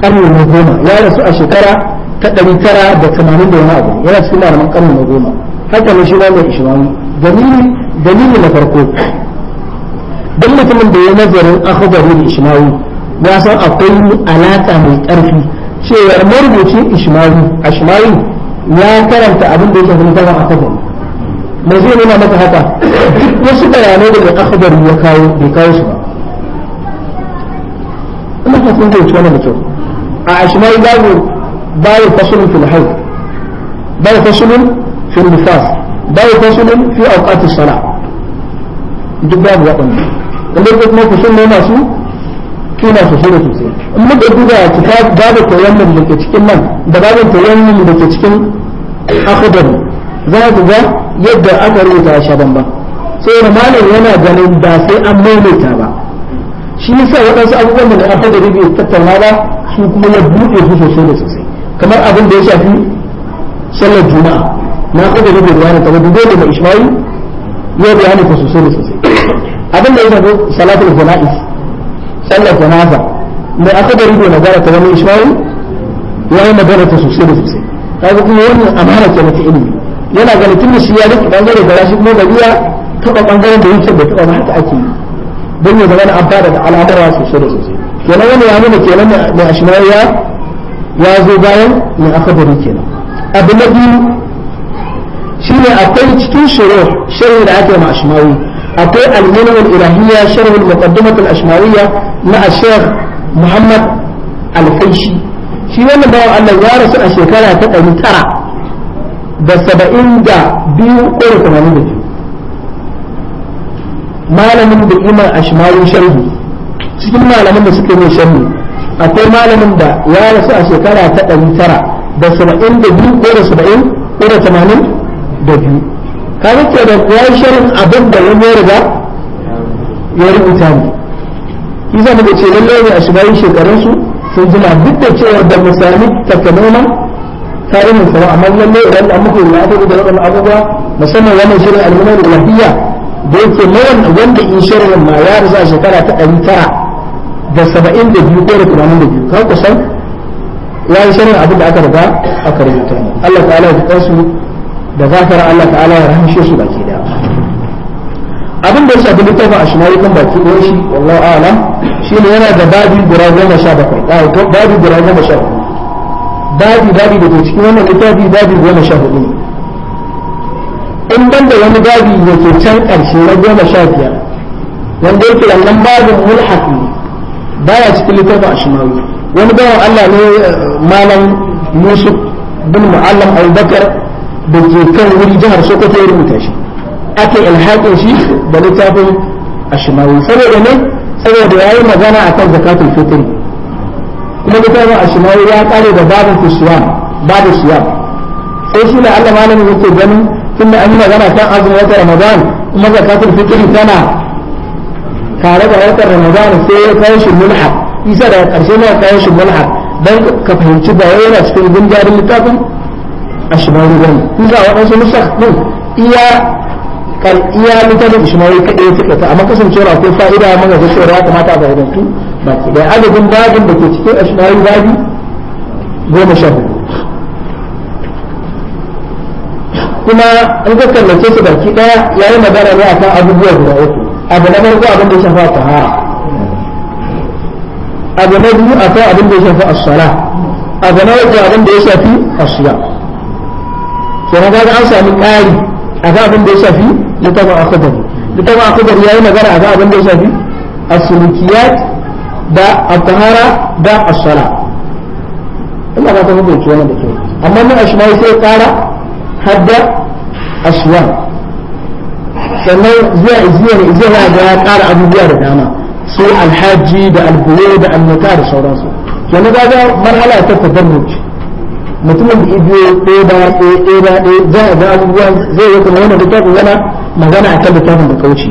karni na goma ya rasu a shekara ta ɗari 980 da wani abu yana cikin malaman karni na goma حتى من شمال الإشمال دليل دليل لفرقوب دلة من دي نظر أخبره الإشمال واسا أقل على تامي أرفي شيء يأمر بيشي إشمال أشمال لا كرمت أبن بيشة من دفع أخبره مزيد لنا متى حتى يسيطة يعني دي أخبره يكاو بيكاو سبا أما حسن دي أتوانا بيشو آه، أشمال دابو باي فصل في الحيط باي فصل في في النفاس باب فصل في أوقات الصلاة duk babu waɗanda wanda da kuma ku sunne masu kina su sura sosai in muka duba kita babu tayammun da ke cikin nan da babu tayammun da ke cikin akhdar za ku ga yadda aka rubuta shi ban ba sai malam yana ganin ba sai an maimaita ba shi yasa waɗansu abubuwan da aka da bai tattauna ba su kuma ya buɗe su sosai da sosai kamar abin da ya shafi sallar juma'a na kuma da bayanin ta wadda dole da ishmawi ya bayanin ta sosai da sosai abinda ya shafi salatul jana'is sallar janaza da aka da rigo magana ta wani ishmawi ya yi magana ta sosai da sosai kaga kuma wannan amana ke mata ilimi yana ganin tun da shi ya rike bangare da rashi kuma da biya taba bangaren da yake da taba haka ake yi don ya zama an fara da sosai da sosai kenan wani ya nuna kenan mai ashmawi ya ya zo bayan mai aka da kenan abu na biyu shine akwai cikin shuruh sharhi da ake ma ashmawi akwai al-minwa al-ilahiyya sharh al-muqaddimat al-ashmawiyya na ash Muhammad al-Faishi shi wannan bawan Allah ya rasu a shekara ta ɗari tara da saba'in da biyu ko da tamanin da biyu malamin da iman ashmawi sharhi cikin malamin da suke yi sharhi akwai malamin da ya rasu a shekara ta ɗari tara da saba'in da biyu ko da saba'in ko da tamanin da biyu ka ke da kuwa shirin abin da wani riga ya rubuta ne isa mu ce lallai ne a shigayen shekarunsu sun jima duk da cewa da misali yi tarihin sama amma lallai idan da muka yi ta da abubuwa musamman wannan shirin al'ummar lafiya da yake mawan wanda in shirin ma ya a shekara ta ɗari tara da saba'in da biyu ko da tunanin da biyu kan kusan ya yi shirin abin da aka riga aka rubuta Allah ta'ala ya fi da za gafara Allah ta'ala ya rahamshe su baki da abin da ya shafi littafin a shimari kan baki ɗaya shi wallahu ala shi ne yana da babi guda goma sha bakwai ah, babi guda goma sha hudu babi babi da ke cikin wannan littafi babi goma sha hudu ne in ban da wani babi da ke can ƙarshe na goma sha biyar wanda yake wannan babin mulhaq ne baya cikin littafin a shimari wani bawan Allah ne eh, malam Yusuf bin Mu'allam Abubakar da ke kan wuri jihar sokoto ya rubuta shi ake ilhaƙin shi da littafin ashimawi saboda ne saboda ya yi magana a kan zakatun fitri kuma littafin ashimawi ya kare da babin kusuwan babu suwan sai shi da allah malamin yake ganin tun da an yi magana kan azumin wata ramadan kuma zakatun fitri tana tare da watan ramadan sai ya kawo shi mulhaq isa daga ƙarshe na kawo shi mulhaq don ka fahimci ba yana cikin gundarin littafin ashmawi bane in za a waɗansu nusar ɗin iya kan iya littafin ishmawi kaɗai ya tikaita amma kasancewar akwai fa'ida mun ga cewa ya kamata a fa'idantu baki ɗaya adadin babin da ke cikin ashmawi babi goma sha hudu kuma an ka kallace su baki ɗaya ya yi magana ne akan abubuwa guda uku abu na farko abin da ya shafa tahara abu na biyu akan abin da ya shafi as-sala abu na uku abin da ya shafi as kuma ga an samu ƙari a ga abin da ya shafi na taba a kudari da taba a kudari ya yi magana a ga abin da ya shafi a sulukiyat da a tahara da a shara ina ba ta mutunci wannan da kyau amma mun a ashmai sai ƙara hadda shiwa sannan zuwa iziyar iziyar ga ya ƙara abubuwa da dama su alhaji da albuwe da annuka da sauransu kenan ga marhala ta tadarruci mutumin da ibiyo ɗaya ba ɗaya ɗaya ba ɗaya za a ga abubuwa zai yi kuma wannan littafin yana magana a kan littafin da kauce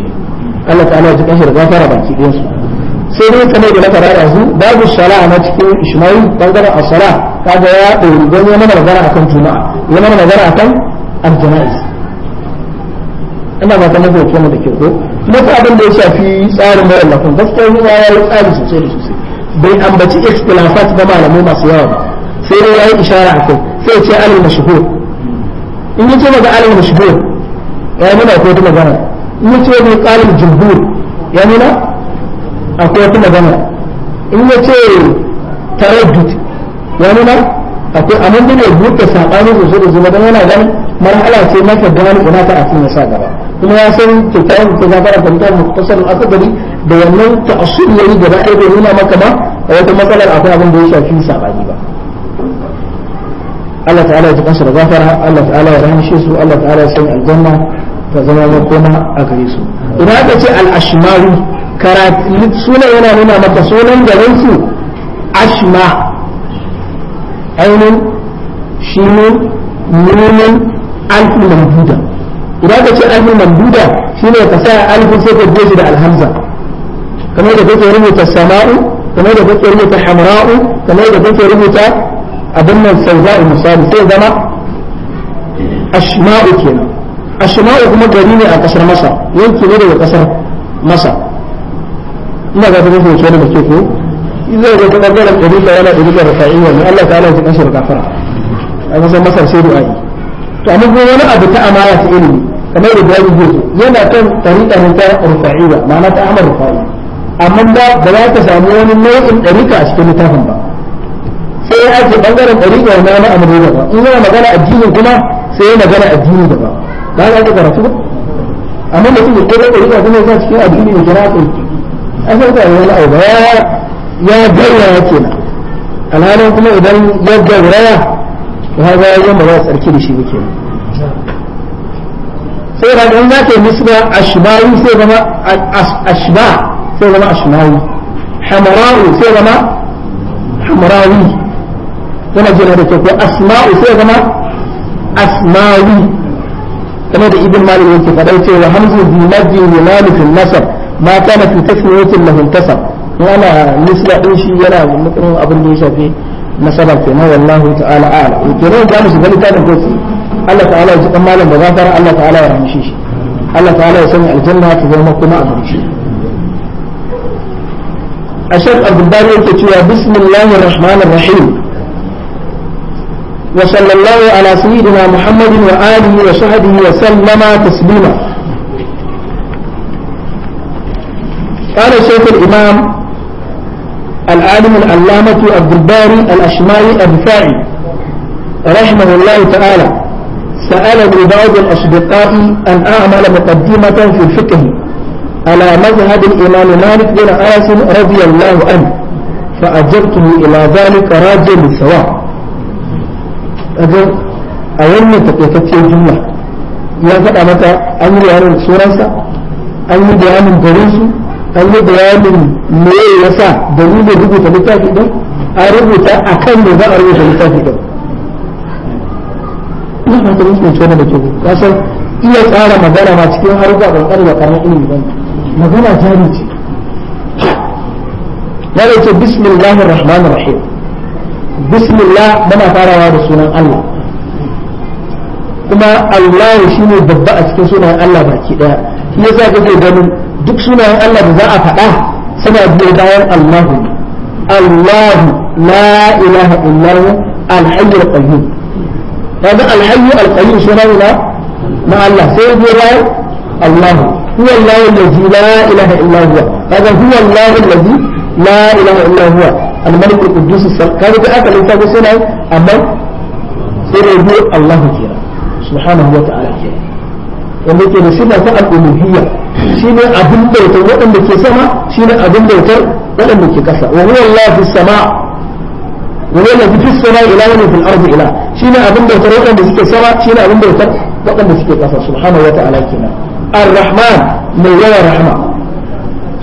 Allah ta'ala ya jikin da gafara baki ɗayan su sai dai kamar da na fara yanzu babu shala na cikin ishmail bangaren asala kaga ya ɗori don yana magana akan juma'a yana magana akan aljana'iz ina ba ta mafi wakilin da ke ko kuma ta abin da ya shafi tsarin mawallafin gaskiya ya yi tsari sosai da sosai bai ambaci ikhtilafat malamai masu yawa ba sai dai ya yayi ishara akai sai ce al mashhur in yace daga al mashhur ya nuna ko ta magana in yace ne qalil jumhur ya nuna akwai ta magana in yace taraddud ya nuna akwai amma da ne buɗe sabani sosai da zuwa dan yana ganin marhala ce maka gani ina ta a cikin sa gaba kuma ya san kyakkyawan ta zafara da mutum muktasar al-asabari da wannan ta'assur yayi gaba ɗaya bai nuna maka ba a wata matsalar akwai abin da ya shafi sabani Allah ta'ala ya jikansu da gafara Allah ta'ala ya rahmishe su Allah ta'ala ya sanya aljanna ta zama makoma a gare su idan aka ce al-ashmaru sunan yana nuna maka sunan garin su ashma ainun shinun nunin alfin mamduda idan aka ce alfin mamduda shine ka sa alfin sai ka je da alhamza kamar da kake rubuta sama'u kamar da kake rubuta hamra'u kamar da kake rubuta abin nan sauza'u misali sai zama ashma'u kenan ashma'u kuma gari ne a kasar masa yanki ne daga kasar masa ina ga tabbata da cewa da ke ko zai ga ta bangaren ɗari da yana ɗari da rafa'iyya ne Allah ta'ala ya kashe da kafara a kasar masar sai du'a'i to amma kuma wani abu ta amana ta ilimi kamar da bayan gozo yana kan tariƙa ne ta rufa'iyya ma'ana ta amar rufa'iyya amma ba ba za ka samu wani nau'in ɗarika a cikin littafin ba ya ake bangaren ɗariƙa na wani amuru da ba in yana magana addinin kuma sai ya magana addini da ba ba ya ake karatu ba amma mutum da kuma ɗariƙa kuma ya sa cikin addini da kira ɗin a sai ta wani abu ya ya gauraya kenan alhalin kuma idan ya gauraya to haka ya yi magana tsarki da shi kenan sai da in za ta yi nisba ashbayi sai zama ashba sai zama ashbayi hamarawi sai zama hamarawi kuna jina da kyau asma'u sai zama asmawi kamar da ibn malik yake fadar cewa hamzu bi maddi li malik nasab ma kana fi tasmiyatin lahum tasab yana nisla din shi yana mutum abin da ya shafi nasaba kenan wallahu ta'ala a'lam kenan da mu shiga littafin ko Allah ta'ala ya ji kan malam da gafara Allah ta'ala ya rahmishi shi Allah ta'ala ya sanya aljanna ta zama kuma a zuci a shek abdullahi yake cewa bismillahir rahmanir وصلى الله على سيدنا محمد وآله وصحبه وسلم تسليما قال شيخ الإمام العالم العلامة عبد الباري الأشمالي الدفاعي رحمه الله تعالى سألني بعض الأصدقاء أن أعمل مقدمة في الفقه على مذهب الإمام مالك بن عاصم رضي الله عنه فأجبته إلى ذلك راجل للثواب wajen a wannan takaitacciyar jumla ya faɗa mata an yi bayanin sunansa an yi bayanin garinsu an yi bayanin me ya sa dalilin rubuta littafi ɗin a rubuta a kan da za a rubuta littafi ɗin ina fata mun tsinci wani da ke kasan iya tsara magana ma cikin haruka ƙanƙanin da ƙaramin ilimin ba magana jari ce ya ce bismillahir rahmanir rahim bismillah muna farawa da sunan Allah kuma Allah ne babba a cikin sunayen Allah baki daya shi yasa kake ganin duk sunayen Allah da za a faɗa suna biyo bayan Allah Allah la ilaha illahu al-hayy al-qayyum kaga al-hayy al-qayyum sunan na Allah sai biyo bayan Allah هو الله الذي la ilaha إلا هو هذا هو الله الذي لا إله إلا هو الملك القدوس السلام كان في أكل إنسان سنة أما سيرجو الله كيرا سبحانه وتعالى كيرا wanda ke da suna ta al'uluhiyya shine abin bautar waɗanda ke sama shine abin bautar waɗanda ke ƙasa wa huwa Allah fi sama wa huwa Allah fi sama ila wa fil ardi ila shine abin bautar waɗanda suke sama shine abin bautar waɗanda suke ƙasa subhanahu wa ta'ala kenan ar-rahman mai yawan rahma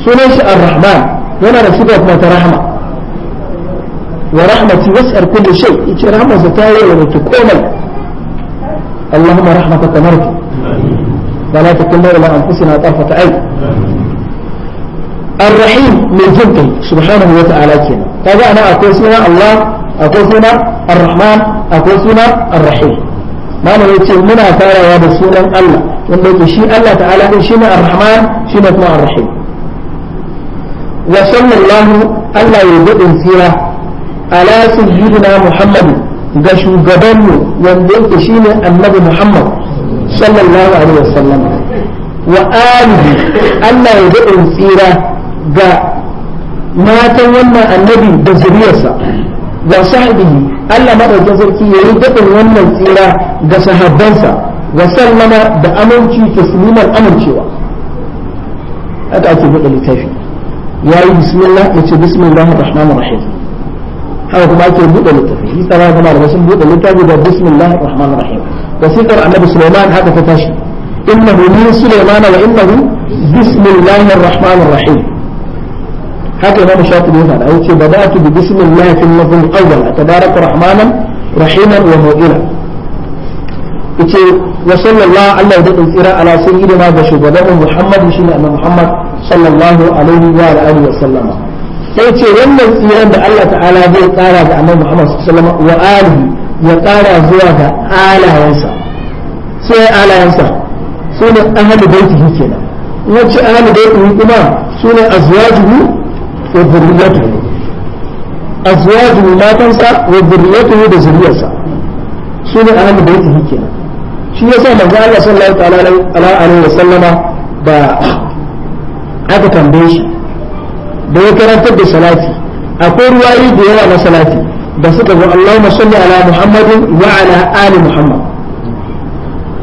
sunan shi ar-rahman yana da sifa kuma ta rahma wa rahmati was'ar kulli shay yace rahmatsa ta yi wa ta komai Allahumma rahmataka narju wa la takilna ila anfusina tarfata ayn الرحيم من جنته سبحانه وتعالى كنا هذا أنا أقول سنة الله أقول سنة الرحمن أقول سنة الرحيم ما أنا يتسير منها فارا هذا سنة الله وأنه شيء الله تعالى شنو الرحمن شنو الرحيم وصلى الله ألا يبدو فيها ala sayyidina muhammadu ga shugabanmu wanda yake shine annabi muhammad sallallahu alaihi wasallam wa alihi Allah ya ga tsira ga matan wannan annabi da zuriyarsa wa sahbihi Allah madaukakin sarki ya yi daɗin wannan tsira ga sahabbansa wa sallama da aminci tasliman amincewa haka ake buɗe littafi ya yi bismillah ya ce bismillahir rahmanir rahim haka kuma ake buɗe littafi shi tsara ga malamai sun buɗe littafi da bismillah rahman rahim wasikar annabi suleiman haka ta tashi innahu min suleiman wa innahu bismillah rahman rahim haka imam shafi ne faɗa yace bada'tu bi bismillah fil nazm awwal tabarak rahmanan rahiman wa mu'ina yace wa sallallahu alaihi wa tsira ala sayyidina da shugaban muhammad shi ne annabi muhammad sallallahu alaihi wa alihi wa sallama sai ce wannan tsiran da Allah ta'ala zai kara ga annabi Muhammad sallallahu alaihi wa alihi ya kara zuwa ga alayansa sai alayansa sunan ahli baitihi kenan wacce ahli baitihi kuma sunan azwajuhu wa dhurriyyatuhu azwajuhu matansa wa dhurriyyatuhu da zuriyarsa sunan ahli baitihi kenan shi yasa manzo Allah sallallahu alaihi wa sallama da aka tambaye shi da ya karantar da salati akwai ruwayi da yawa na salati da suka zo Allahumma salli ala Muhammadin wa ala ali Muhammad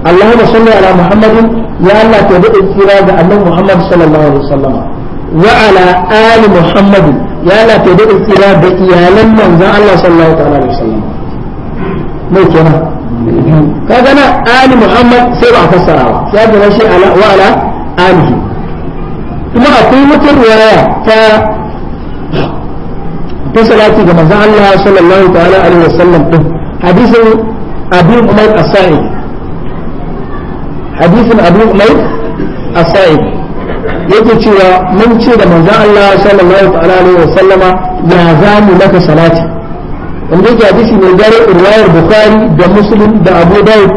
Allahumma salli ala Muhammadin ya Allah ka da kira ga annabi Muhammad sallallahu alaihi wasallam wa ala ali Muhammad ya Allah ka da kira da iyalan manzon Allah sallallahu alaihi wasallam kenan kaga na ali Muhammad sai ba fasara sai ga shi ala wa ala alihi kuma akwai wata riwaya ta ta salati ga manzon Allah sallallahu ta'ala alaihi wasallam din hadisin Abu Umayr As-Sa'id hadisin Abu Umayr As-Sa'id yake cewa mun ce da manzon Allah sallallahu ta'ala alaihi wasallama ya zamu maka salati wanda yake hadisi mai dare riwayar Bukhari da Muslim da Abu Dawud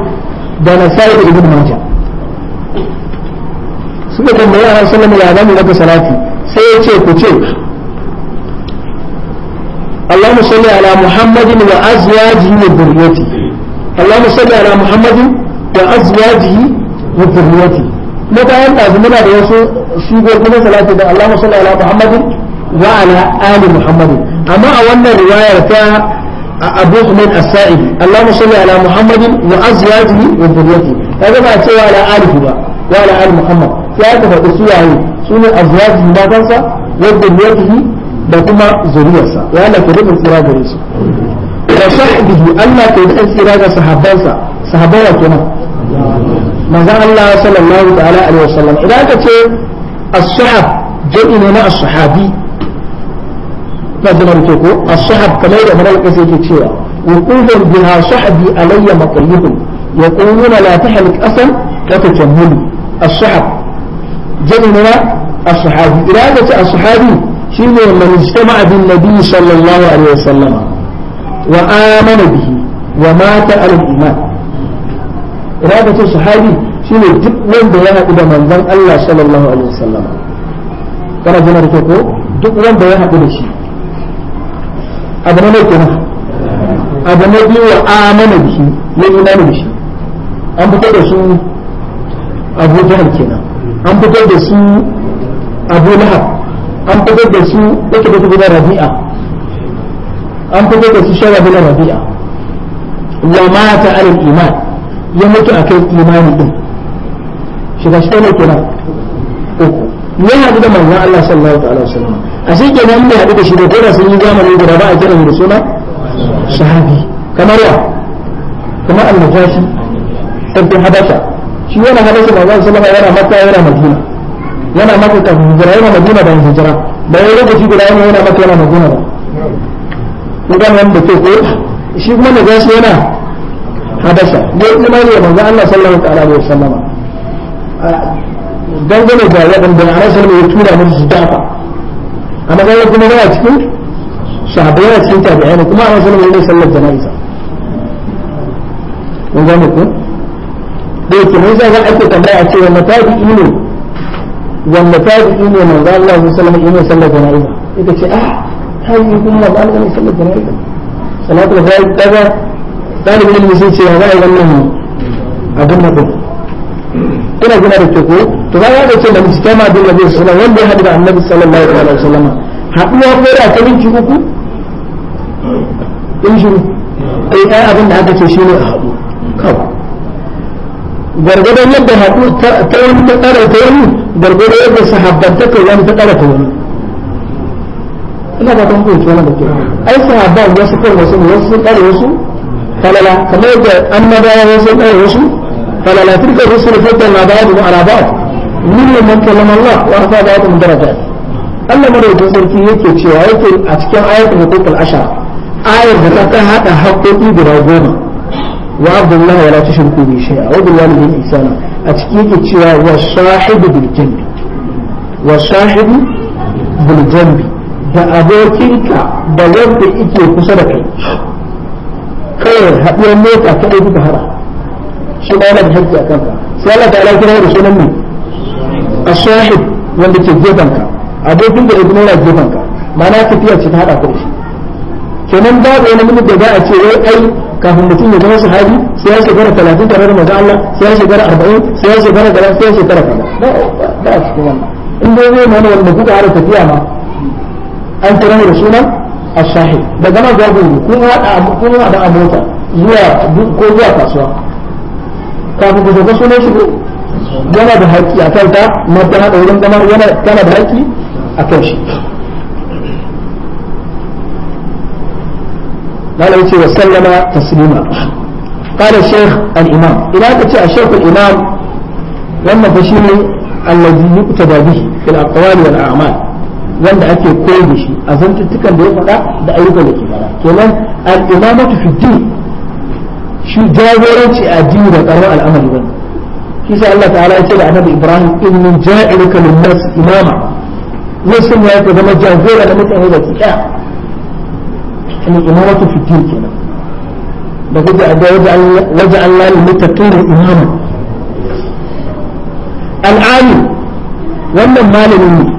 da Nasa'i da Ibn Majah suka a harsun lamar yana mu maka salati sai ya ce ku ce ala Muhammadin wa azwajihi wa dhurriyyati Allah musalli ala Muhammadin wa azwajihi wa dhurriyyati mu ta yanda su muna da wasu su gobe na salati da Allah musalli ala Muhammadin wa ala Muhammadin amma a wannan riwayar ta Abu Ahmad As-Sa'idi Allah musalli ala Muhammadin wa azwajihi wa dhurriyyati kaga ba cewa ala ali ba wa ala Muhammad ya ka faɗi suwaye su ne azwaji matansa wadda miyatihi da kuma zuriyarsa ya Allah ka rubin tsira gare su da sahibihi Allah ke rubin tsira ga sahabbansa sahabbai wa kenan manzon Allah sallallahu ta'ala alaihi wasallam idan aka ce as-sahab jami'i ne na as-sahabi na zaman ke ko as-sahab kamar da malaka sai ke cewa وقولا بها صحبي علي مطيب يقولون لا تحلك أسا وتتمل الصحب جمع الصحابي إرادة الصحابي شنو من اجتمع بالنبي صلى الله عليه وسلم وآمن به ومات على الإيمان إرادة الصحابي شنو duk wanda ya haɗu da manzon Allah sallallahu alaihi wasallam kana jina da ko duk wanda ya haɗu da shi abu na kuma abu na biyu wa amana da shi ya imani da shi an fito da su abu jahar kenan an fitar da su abu lahab an fitar da su wata da gudan rabi'a an fitar da su shara bin rabi'a wa mata alal iman ya mutu a kai imani din shiga shi ne kenan uku ya haɗu da manzon Allah sallallahu alaihi wasallam a shi kenan ya haɗu da shi da kodan sun yi zamanin guda ba a kiran da suna sahabi kamar wa kamar al-mujashi ibn habasha shi yana hadasa da Allah sallama yana maka yana madina yana maka kafin hijira yana madina bayan hijira bayan lokaci guda yana yana maka yana madina ba ku ga nan da ke ko shi kuma da gashi yana hadasa ya yi imani da manzo Allah sallallahu alaihi wasallama dangane da ya waɗanda a rasar mai tura musu su dafa a matsayin kuma yana cikin sahabbai yana cikin tabi'ai kuma a rasar mai sallar jana'iza kun gane ku dai ke mun zai ake tambaya ce wanda tabi'i ne wanda tabi'i ne manzo Allah sallallahu alaihi wasallam sallar jana'iza ita ce ah tabi'i kuma manzo Allah sallar jana'iza da fajr daga dalibin ilimi sai ce ya za a yi wannan abin da ina gina da ke to za a ce da mutum kama bin nabi sallallahu wanda ya haɗu da annabi sallallahu alaihi wasallam haɗuwa ko da ta minti uku in shi eh, ai abin da aka ce shi ne a haɗu kawai gwargwadon yadda haɗu ta wani ta ƙara ta wani gwargwadon yadda sahabbanta ka wani ta ƙara ta wani ina ba don kunci wani da ke ai sahabba wasu kan wasu ne wasu sun ƙara wasu falala kamar yadda annabawa wasu sun ƙara wasu falala tilka rusul faddalna ba'dhum ala ba'd minhum man kallama Allah wa rafa ba'dhum darajat Allah madaukakin sarki yake cewa yake a cikin ayatul hukukul ashara ayar da ta haɗa haƙoƙi guda goma wa abdullahi wala tushriku bi shay'a wa bil walidayni ihsana a ciki yake cewa wa sahibu bil da abokinka da wanda yake kusa da kai kawai haɗuwar mota ta ɗauki ta hara shi ba yana da haƙƙi a kanka sai Allah ta'ala kira da sunan ne a shahid wanda ke gefenka abokin da ibnu yana gefenka ma'ana tafiya ce ta hada ku da shi kenan babu wani mutum da za a ce wai ai kafin mutum ya zama sahabi sai ya shekara talatin tare da manzon Allah sai ya shekara arba'in sai ya shekara kaza sai ya shekara kaza ba a cikin wannan in dai zai mana wanda kuka hada tafiya ma an kira da sunan asahi daga nan zaku yi kun hada kun hada a mota zuwa ko zuwa kasuwa kafin ku zaka sunan shi yana da haƙƙi a kanta mata hada wurin zama yana kana da haƙƙi a kan shi malam ce wa sallama taslima qala shaykh al ina ila ka ce a shaykh al-imam wannan fa shine alladhi yuqtada bihi fil aqwali wal a'mal wanda ake koyi da shi a zantuttukan da ya faɗa da ayyukan da ke faɗa kenan al-imamatu fi din shi jagoranci a addini da karamar al'amari wannan kisa Allah ta'ala ya ce da annabi Ibrahim inni ja'iluka lin-nas imama zai sun ya ka zama jagora da mutane da kiya الإمامة في الدين كنا بقول أدا وجعل الله المتكين الإمامة العالم ولا مال مني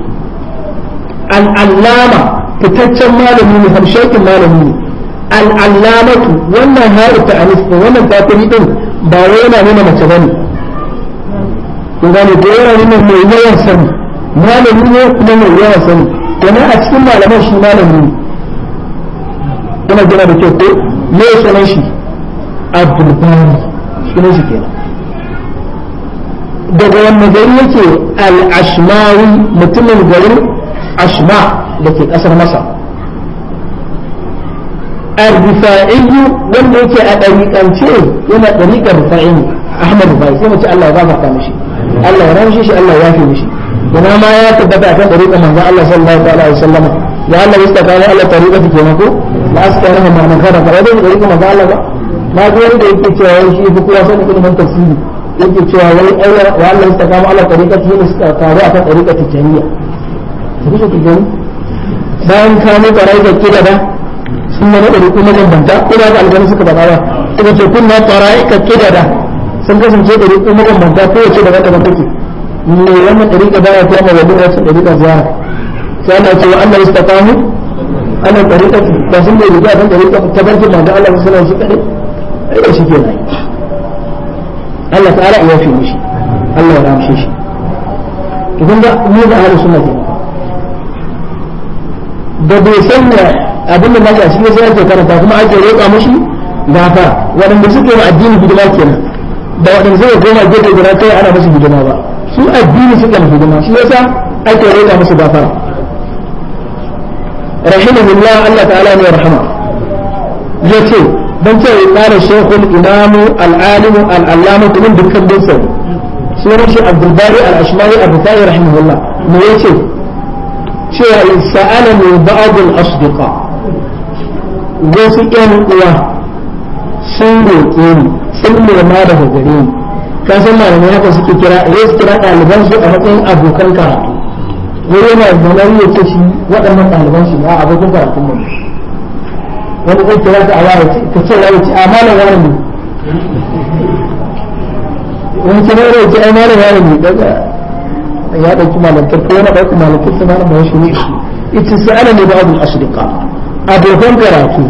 العلامة تتكلم مال مني هم شيك مال مني العلامة ولا هاي تعنيف ولا تعتني بين بعوينا هنا ما تبني وقالوا دورا هنا ما يواصل مال مني كنا يواصل كنا أسمع لما شو مال مني kuma yana da kyau ko me ya sanar shi abdul qani sunan shi kenan daga wanne gari yake al ashmawi mutumin garin ashma da ke kasar masa الرفاعي ولك أدريك أن شيء ولا أدريك الرفاعي أحمد رفاعي كما تقول الله يغفر كامشي الله يرمشي شيء الله يافي مشي وما ما يتبع كان طريق من الله صلى الله عليه وسلم وعلى الله يستقى الله طريقة في كونكو ba su kare ma mana kada kada dai da yake magana ba na ga wanda yake cewa wai shi fi kowa sanin ilimin tafsiri yake cewa wai ayar wa Allah ya saka mu ta tariqati ne suka taru a kan tariqati jami'a kuke ku gani bayan ka mu tare da kida da sun mana da ku na banta ko da aljanna suka bada ba kuma ce kunna ka kida da sun kasance da ku na banta ko wace daga daga take ne wannan tariqa ba ya kuma wani wata tariqa ziyara sai Allah cewa wa Allah ya ana ɗariƙa ba sun da riga kan ta barki ba da Allah sallallahu alaihi wasallam ai da shi ke Allah ta'ala ya yafe mishi Allah ya ramshe shi to kun ga mu da ahlus sunna ke da bai sanya abin da nake cikin sai ake karanta kuma ake roƙa mishi gafa waɗanda suke ma addini hidima kenan da waɗanda suka koma gefe guda kai ana musu hidima ba su addini suka hidima shi yasa ake roƙa musu gafara rahimahullah Allah ta'ala ne rahama yace dan ce qala shaykhul imam al-alim al-allama kullun dukkan dan sai sunan shi Abdul Bari al-Ashmari Abu Tayyib rahimahullah yace cewa sa'alani ba'd al-asdiqa wasu ƴan uwa sun roƙe ni sun nema daga gare ni kasan malamai haka suke kira res eh, kira ɗaliban su a matsayin abokan karatu wai yana zanar ya ce waɗannan ɗaliban shi a abokin karatun mu wani ɗan kira ta a waya ta ce waya ce a malam wani ne wani kira ya ce ai malam wani ne daga ya ɗauki malantar ko yana ɗauki malantar ta malam wani shi ne shi ita sai ana ne ba ba'adun ashirika abokan karatu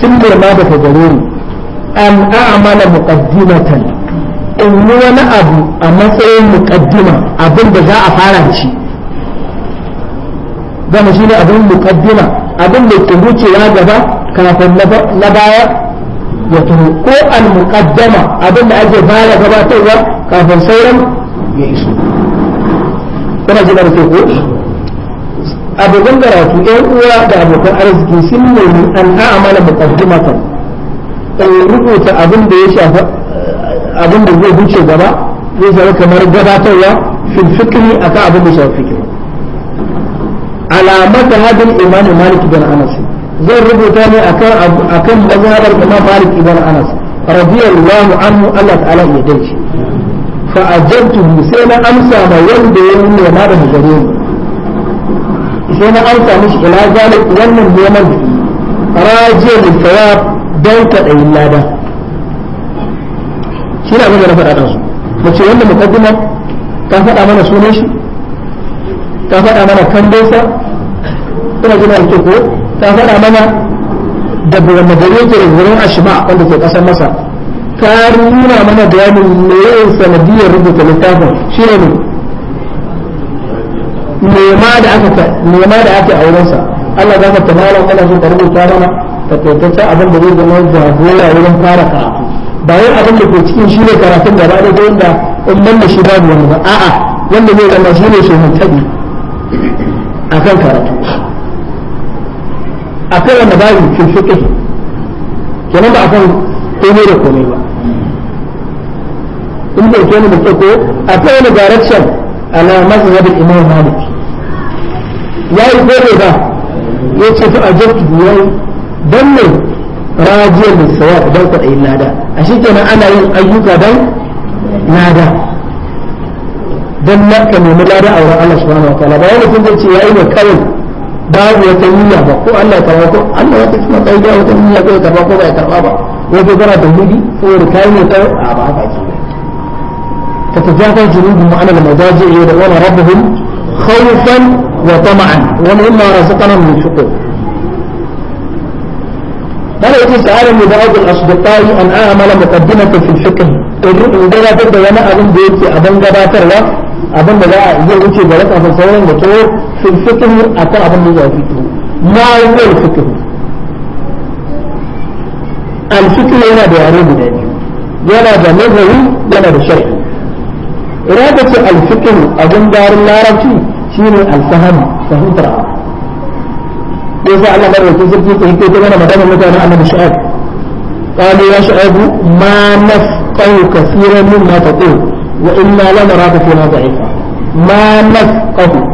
sun nema daga gare ni an a'amala muqaddimatan in wani abu a matsayin muqaddima abin da za a fara shi zama shi ne abin muqaddima abin da ke wuce ya gaba kafin na baya ya turo ko al muqaddama abin da ake fara gabatarwa kafin sauran ya iso kuma ji da ko abokan karatu yan uwa da abokan arziki sun nemi an a'amala muqaddimatan in rubuta abin da ya shafa abin da zai wuce gaba zai zama kamar gabatarwa fil fikri akan abin da shafi fikri ala mazhabin imam malik ibn anas zan rubuta ne akan akan mazhabar imam malik ibn anas radiyallahu anhu Allah ya dace sai na amsa ma wanda ya nuna da gare ni sai na amsa mishi ila zalik wannan neman da rajiyar thawab dan na abin na faɗa ɗansu mace wanda faɗa mana sunan faɗa mana kuna jin da ko ta faɗa mana da wanda gari yake da gurin ashima wanda ke ƙasar masa ka nuna mana bayanin me yayin sanadiyar rubuta littafin shi ne nema da aka nema da aka aurensa Allah za ka tamala Allah zai rubuta mana takaitaccen abin da zai zama jagora wurin fara karatu ba wai abin da ke cikin shi ne karatun gaba da wanda in ban da shi babu wani ba a'a wanda zai zama shi ne shi mutabi a kan karatu a kan wanda babu cin fiqh kenan ba a kan komai da komai ba in da ke da ko a kan wani direction ala mazhab al-imam malik yayi gobe ba yace fa ajabtu yayi dan ne rajiyar da sawa dan kwaɗayin lada a shi kenan ana yin ayyuka dan lada dan maka nemi lada a wurin Allah subhanahu wa ta'ala ba wani sun ce yayi ne kawai babu wata niyya ba ko Allah ta wako Allah wata kuma kai da wata niyya ko ta wako ba ta ba wato kana da hudi ko da kai ne ta a ba ka ki تتجافى جنوبهم عن المضاجع يدعون ربهم خوفا وطمعا ومما رزقناهم ينفقون قال يجوز إيه عالم بعض الأصدقاء أن أعمل مقدمة في الفقه إذا تبدأ أنا أبن بيتي أظن قباتر لا أظن لا يوتي بلد أظن صورا وطور fil a akan abin da ya fiqh ma huwa al al yana da yare guda biyu yana da nazawi yana da shar'i idan ka ce al fiqh abin garin larabci shine al fahm fahimtar yasa Allah madaukakin sarki ta hikkai ta mana magana mutanen annabi shu'aib قالوا يا ma ما نفقه كثيرا مما تقول وإنا لنراك فينا ضعيفا ما نفقه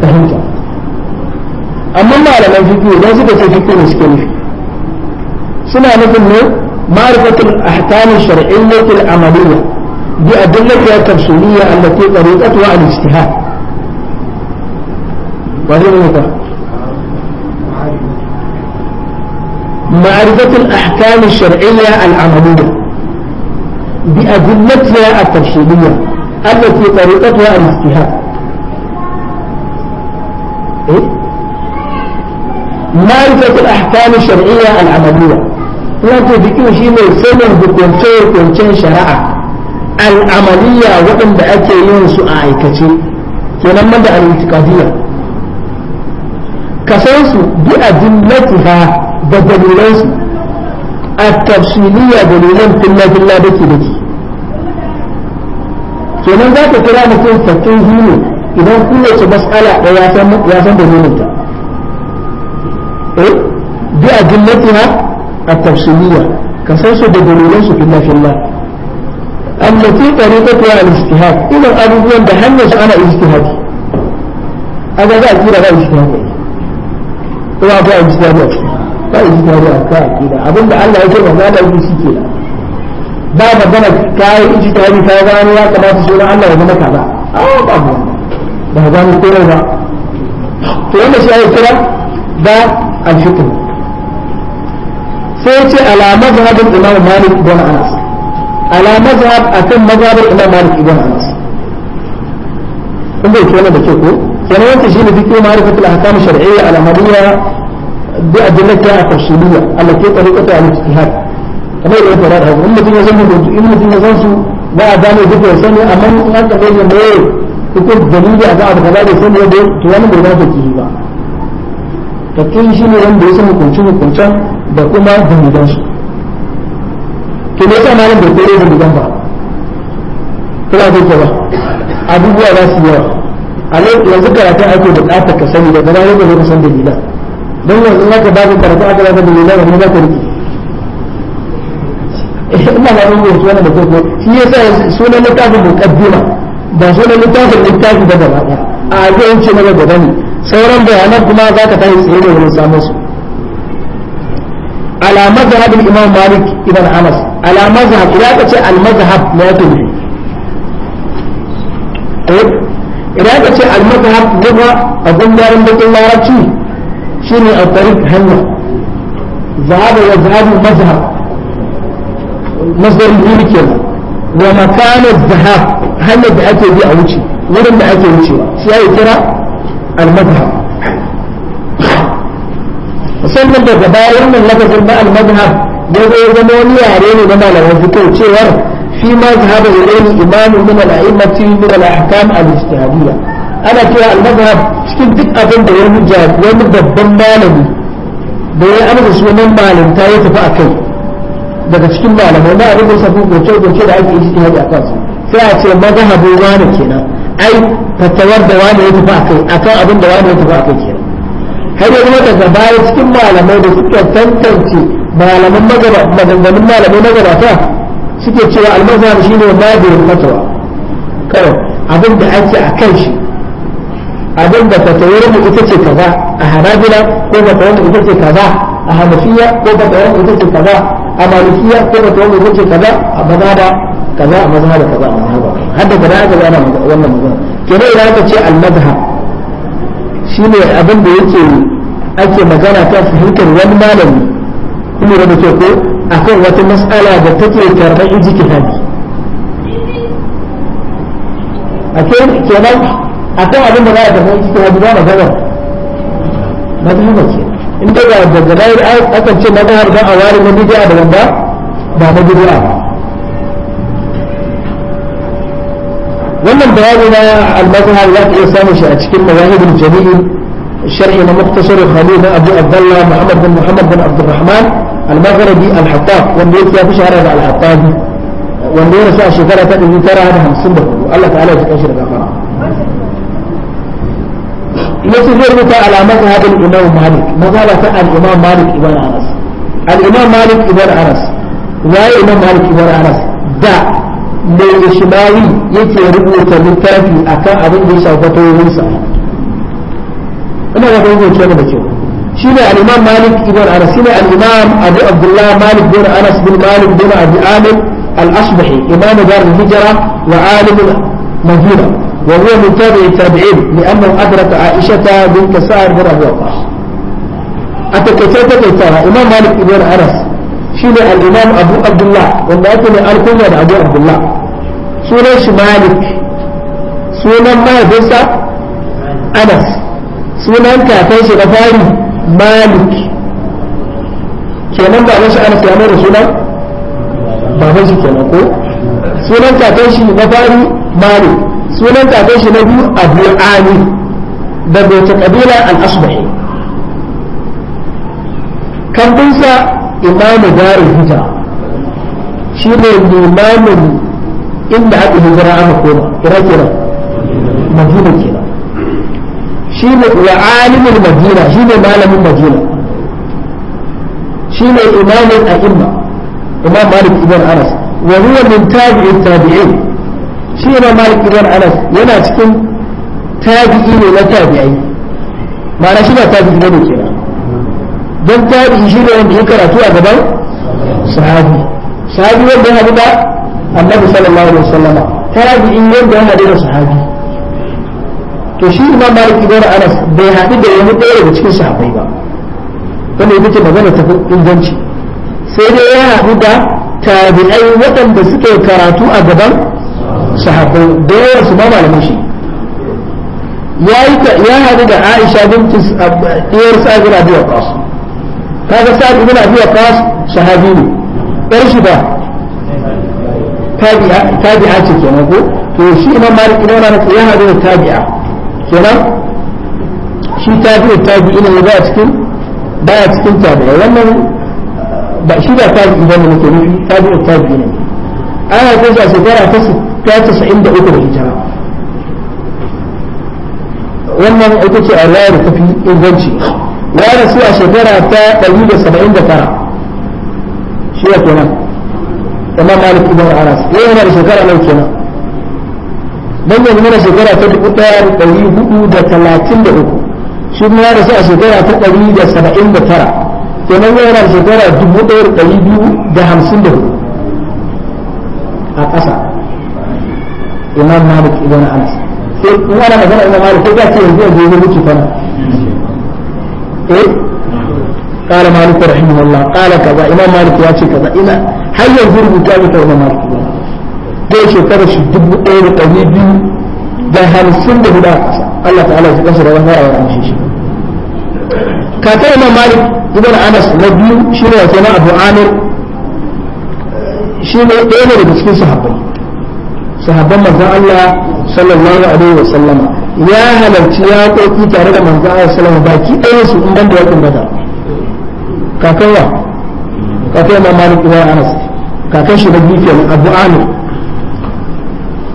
fahimta amma malaman fiqh idan suka ce fiqh ne suke nufi suna nufin ne ma'rifatul ahkam shar'iyyatul amaliyya bi adillatiha tafsiliyya allati tariqatuha al-ijtihad وهي معرفة الأحكام الشرعية العملية بأدلتها التفصيلية التي طريقتها الاجتهاد معرفة الأحكام الشرعية العملية wato jikin shi ne sanin hukunce-hukuncen shari'a al'amaliya waɗanda ake yin su a aikace kenan man da al'itikadiyya ka san su bi a jimlati ha da dalilan su a tafsiliya dalilan fillafilla da ke da ke kenan za ka kira mutum fatin hini idan kowace mas'ala da ya san ya san dalilin ta eh bi adillatiha at-tafsiliyya ka san su da dalilan su filla filla allati tariqatuha al-ijtihad idan abubuwan da hanyar su ana ijtihad aga za a kira ba ijtihad ba ba ijtihad ba ijtihad ba ka kira abinda Allah ya ce ba za da yi shi kenan ba magana kayi ijtihadi ka gano ya kamata sunan Allah ya zama kaza a ah, ba بهذا الكلام في فين شيء الكلام ده الحكم فيتي على مذهب الإمام مالك بن أنس على مذهب أكم مذهب الإمام مالك بن أنس انظر كلمة بكيكو كان يعني وانت جيل بكيو معرفة الأحكام الشرعية على مدية بأدلة التفصيلية التي طريقة على يعني الاجتهاد كما يقول لك رأيها إما تنزل من دونتو إما تنزل سو ما أداني ذكر سنة أمام أنت غير مريض ita dalili a abu kaza da sani yadda to wani bai dace ki ba takin shi ne wanda ya san hukuncin hukuncen da kuma dalilan su to me yasa malam bai kore dalilan ba kuma da ke ba abubuwa za su yawa a yanzu karatun ake da bukatar ka sani da gaba yadda ka san dalilan don yanzu ka aka baka karatu aka baka dalilan wani za ka rike eh, ina ba rubuta wannan da kuma shi yasa sunan littafin muqaddima ba sunan littafin littafi ba gaba ɗaya a ajiyar ce na gaba ne sauran bayanan kuma za ka tashi tsaye da wurin samun su على مذهب الإمام مالك ابن أنس على مذهب إذا كنت المذهب ما تنهي إذا كنت المذهب لغة أظن دارم بك الله رجي شيني الطريق هنا ذهب وذهب المذهب مصدر الملك ومكان الذهاب hanyar da ake bi a wuce wurin da ake wucewa shi ya kira almadha. madhhab sannan daga baya wannan lafazin na almadha madhhab ya zo zama wani yare ne na malaman fiqh cewar fi ma zahaba ilayhi imamu min al-a'immati min al-ahkam al-ijtihadiyya ana kira almadha cikin duk abin da wani wani babban malami da ya amsa sunan malinta ya tafi akai daga cikin malamai na abin da sabu goce goce da ake yi ijtihadi a kansa sai a ce mazhabu wani kenan ai fatawar da wani ya tafi akai akan abin da wani ya tafi akai kenan har yanzu mata ga baya cikin malamai da suka tantance malaman maganganun malamai magabata suke cewa almazhab shine madirin fatawa kawai abin da ake a kan shi abin da fatawar mu ita ce kaza a harabila ko fatawar mu ita ce kaza a hanafiya ko fatawar mu ita ce kaza a malikiya ko fatawar mu ita ce kaza a bazada kaza a maza mazhab kaza a mazhab har da kaza kaza ana wannan mazhab kenan idan aka ce al madhhab shine abin da yake ake magana ta fahimtar wani malami kuma da ke ko akan wata mas'ala da take karɓar ijtihadi akai kenan akan abin da za a karɓar ijtihadi ba magana mazhab ce in daga daga akan ce mazhab dan a ware na bid'a da wanda ba na bid'a ba wannan bayani na almazhar ya ke samu shi a cikin الشرح من مختصر الخليفة أبو عبد الله محمد بن محمد بن عبد الرحمن المغربي الحطاب وندير فيها في شهر الحطابي وندير فيها شكرة تأتي ترى هذا هم الله تعالى في أشرة أخرى نسي غير متى على مذهب الإمام مالك مذهب الإمام مالك إبن عرس الإمام مالك إبن أنس وإمام مالك إبن عرس دا mai ishmawi yake rubuta littafi akan abin da ya shafa tayoyinsa ina da kan goce da kyau shi ne al'imam malik ibn anas shi ne al'imam abu abdullah malik bin anas bin malik bin abu amir al-asbahi imam dar hijra wa alim madina wa huwa min tabi'i tabi'in li'annahu adraka aisha bint sa'd bin abi waqqas atakaice takaitawa imam malik ibn anas shine al-imam abu abdullah wanda yake ne alkunya da abu abdullah sunan shi malik sunan mahaifinsa anas sunan kakan shi na fari malik kenan baban shi anas ya mai da sunan baban shi kenan ko sunan kakan shi na fari malik sunan kakan shi na biyu abu ani da bai ta kabila al-asbahi kambinsa imamu darin hijira shi ne limamin inda aka hijira aka koma ira kenan madina kenan shi ne wa alimin madina shi ne malamin madina shi ne imamin a'imma imam malik ibn anas wa huwa min tabi'in tabi'in shi ne malik ibn anas yana cikin tabi'i ne na tabi'ai ma'ana shi ba tabi'i ne kenan don tabi'i shi ne wanda ya karatu a gaban sahabi sahabi wanda ya haɗu da annabi sallallahu alaihi wasallam tabi'in wanda ya haɗu da sahabi to shi imam malik ibn anas bai haɗu da wani ɗaya daga cikin sahabai ba wanda ya fice magana ta inganci sai dai ya haɗu da tabi'ai waɗanda suke karatu a gaban sahabai da yawan su ma malamin shi ya haɗu da aisha binti ɗiyar sabira biyu a kaga sa'ad ibn abi waqas sahabi ne ɗan shi ba tabi'a tabi'a ce kenan ko to shi imam malik ne wannan ya hadu da tabi'a kenan shi tabi'a tabi'in ne ba cikin ba cikin tabi'a wannan ba shi ba tabi'i bane ne kenan tabi'a tabi'i ne ana ko sa shekara ta 93 da hijira wannan ita ce a rayar tafi inganci ya rasu a shekara ta ɗari da da saba'in tara, shi ya kenan imam malik ibn anas ya yana da shekara nau kenan dan yanzu mana shekara ta dubu ɗaya da da ɗari 1433 shi kuma ya rasu a shekara ta ɗari da da saba'in tara, kenan ya yana da shekara dubu ɗaya da da da ɗari biyu hamsin 1254 a ƙasa imam malik ibn anas sai in ana magana imam malik sai ka ce yanzu yanzu ya mutu fana قال مالك رحمه الله قال كذا إمام مالك ياتي كذا إلى هل ينظر بكتابة ولا مالك dai shekarar shi dubu ɗaya da ɗari biyu da hamsin da hudu a ƙasa Allah ta'ala ya kasa da wani ya amshe shi kaka imam malik ibn anas na biyu shi ne wato na abu amir shi ne Allah sallallahu alaihi wa ya halarci ya koki tare da manzo a salama baki ɗaya su in banda yakin badar kakawa wa ma maliki malik wa anas kakai shi na biyu ne abu amir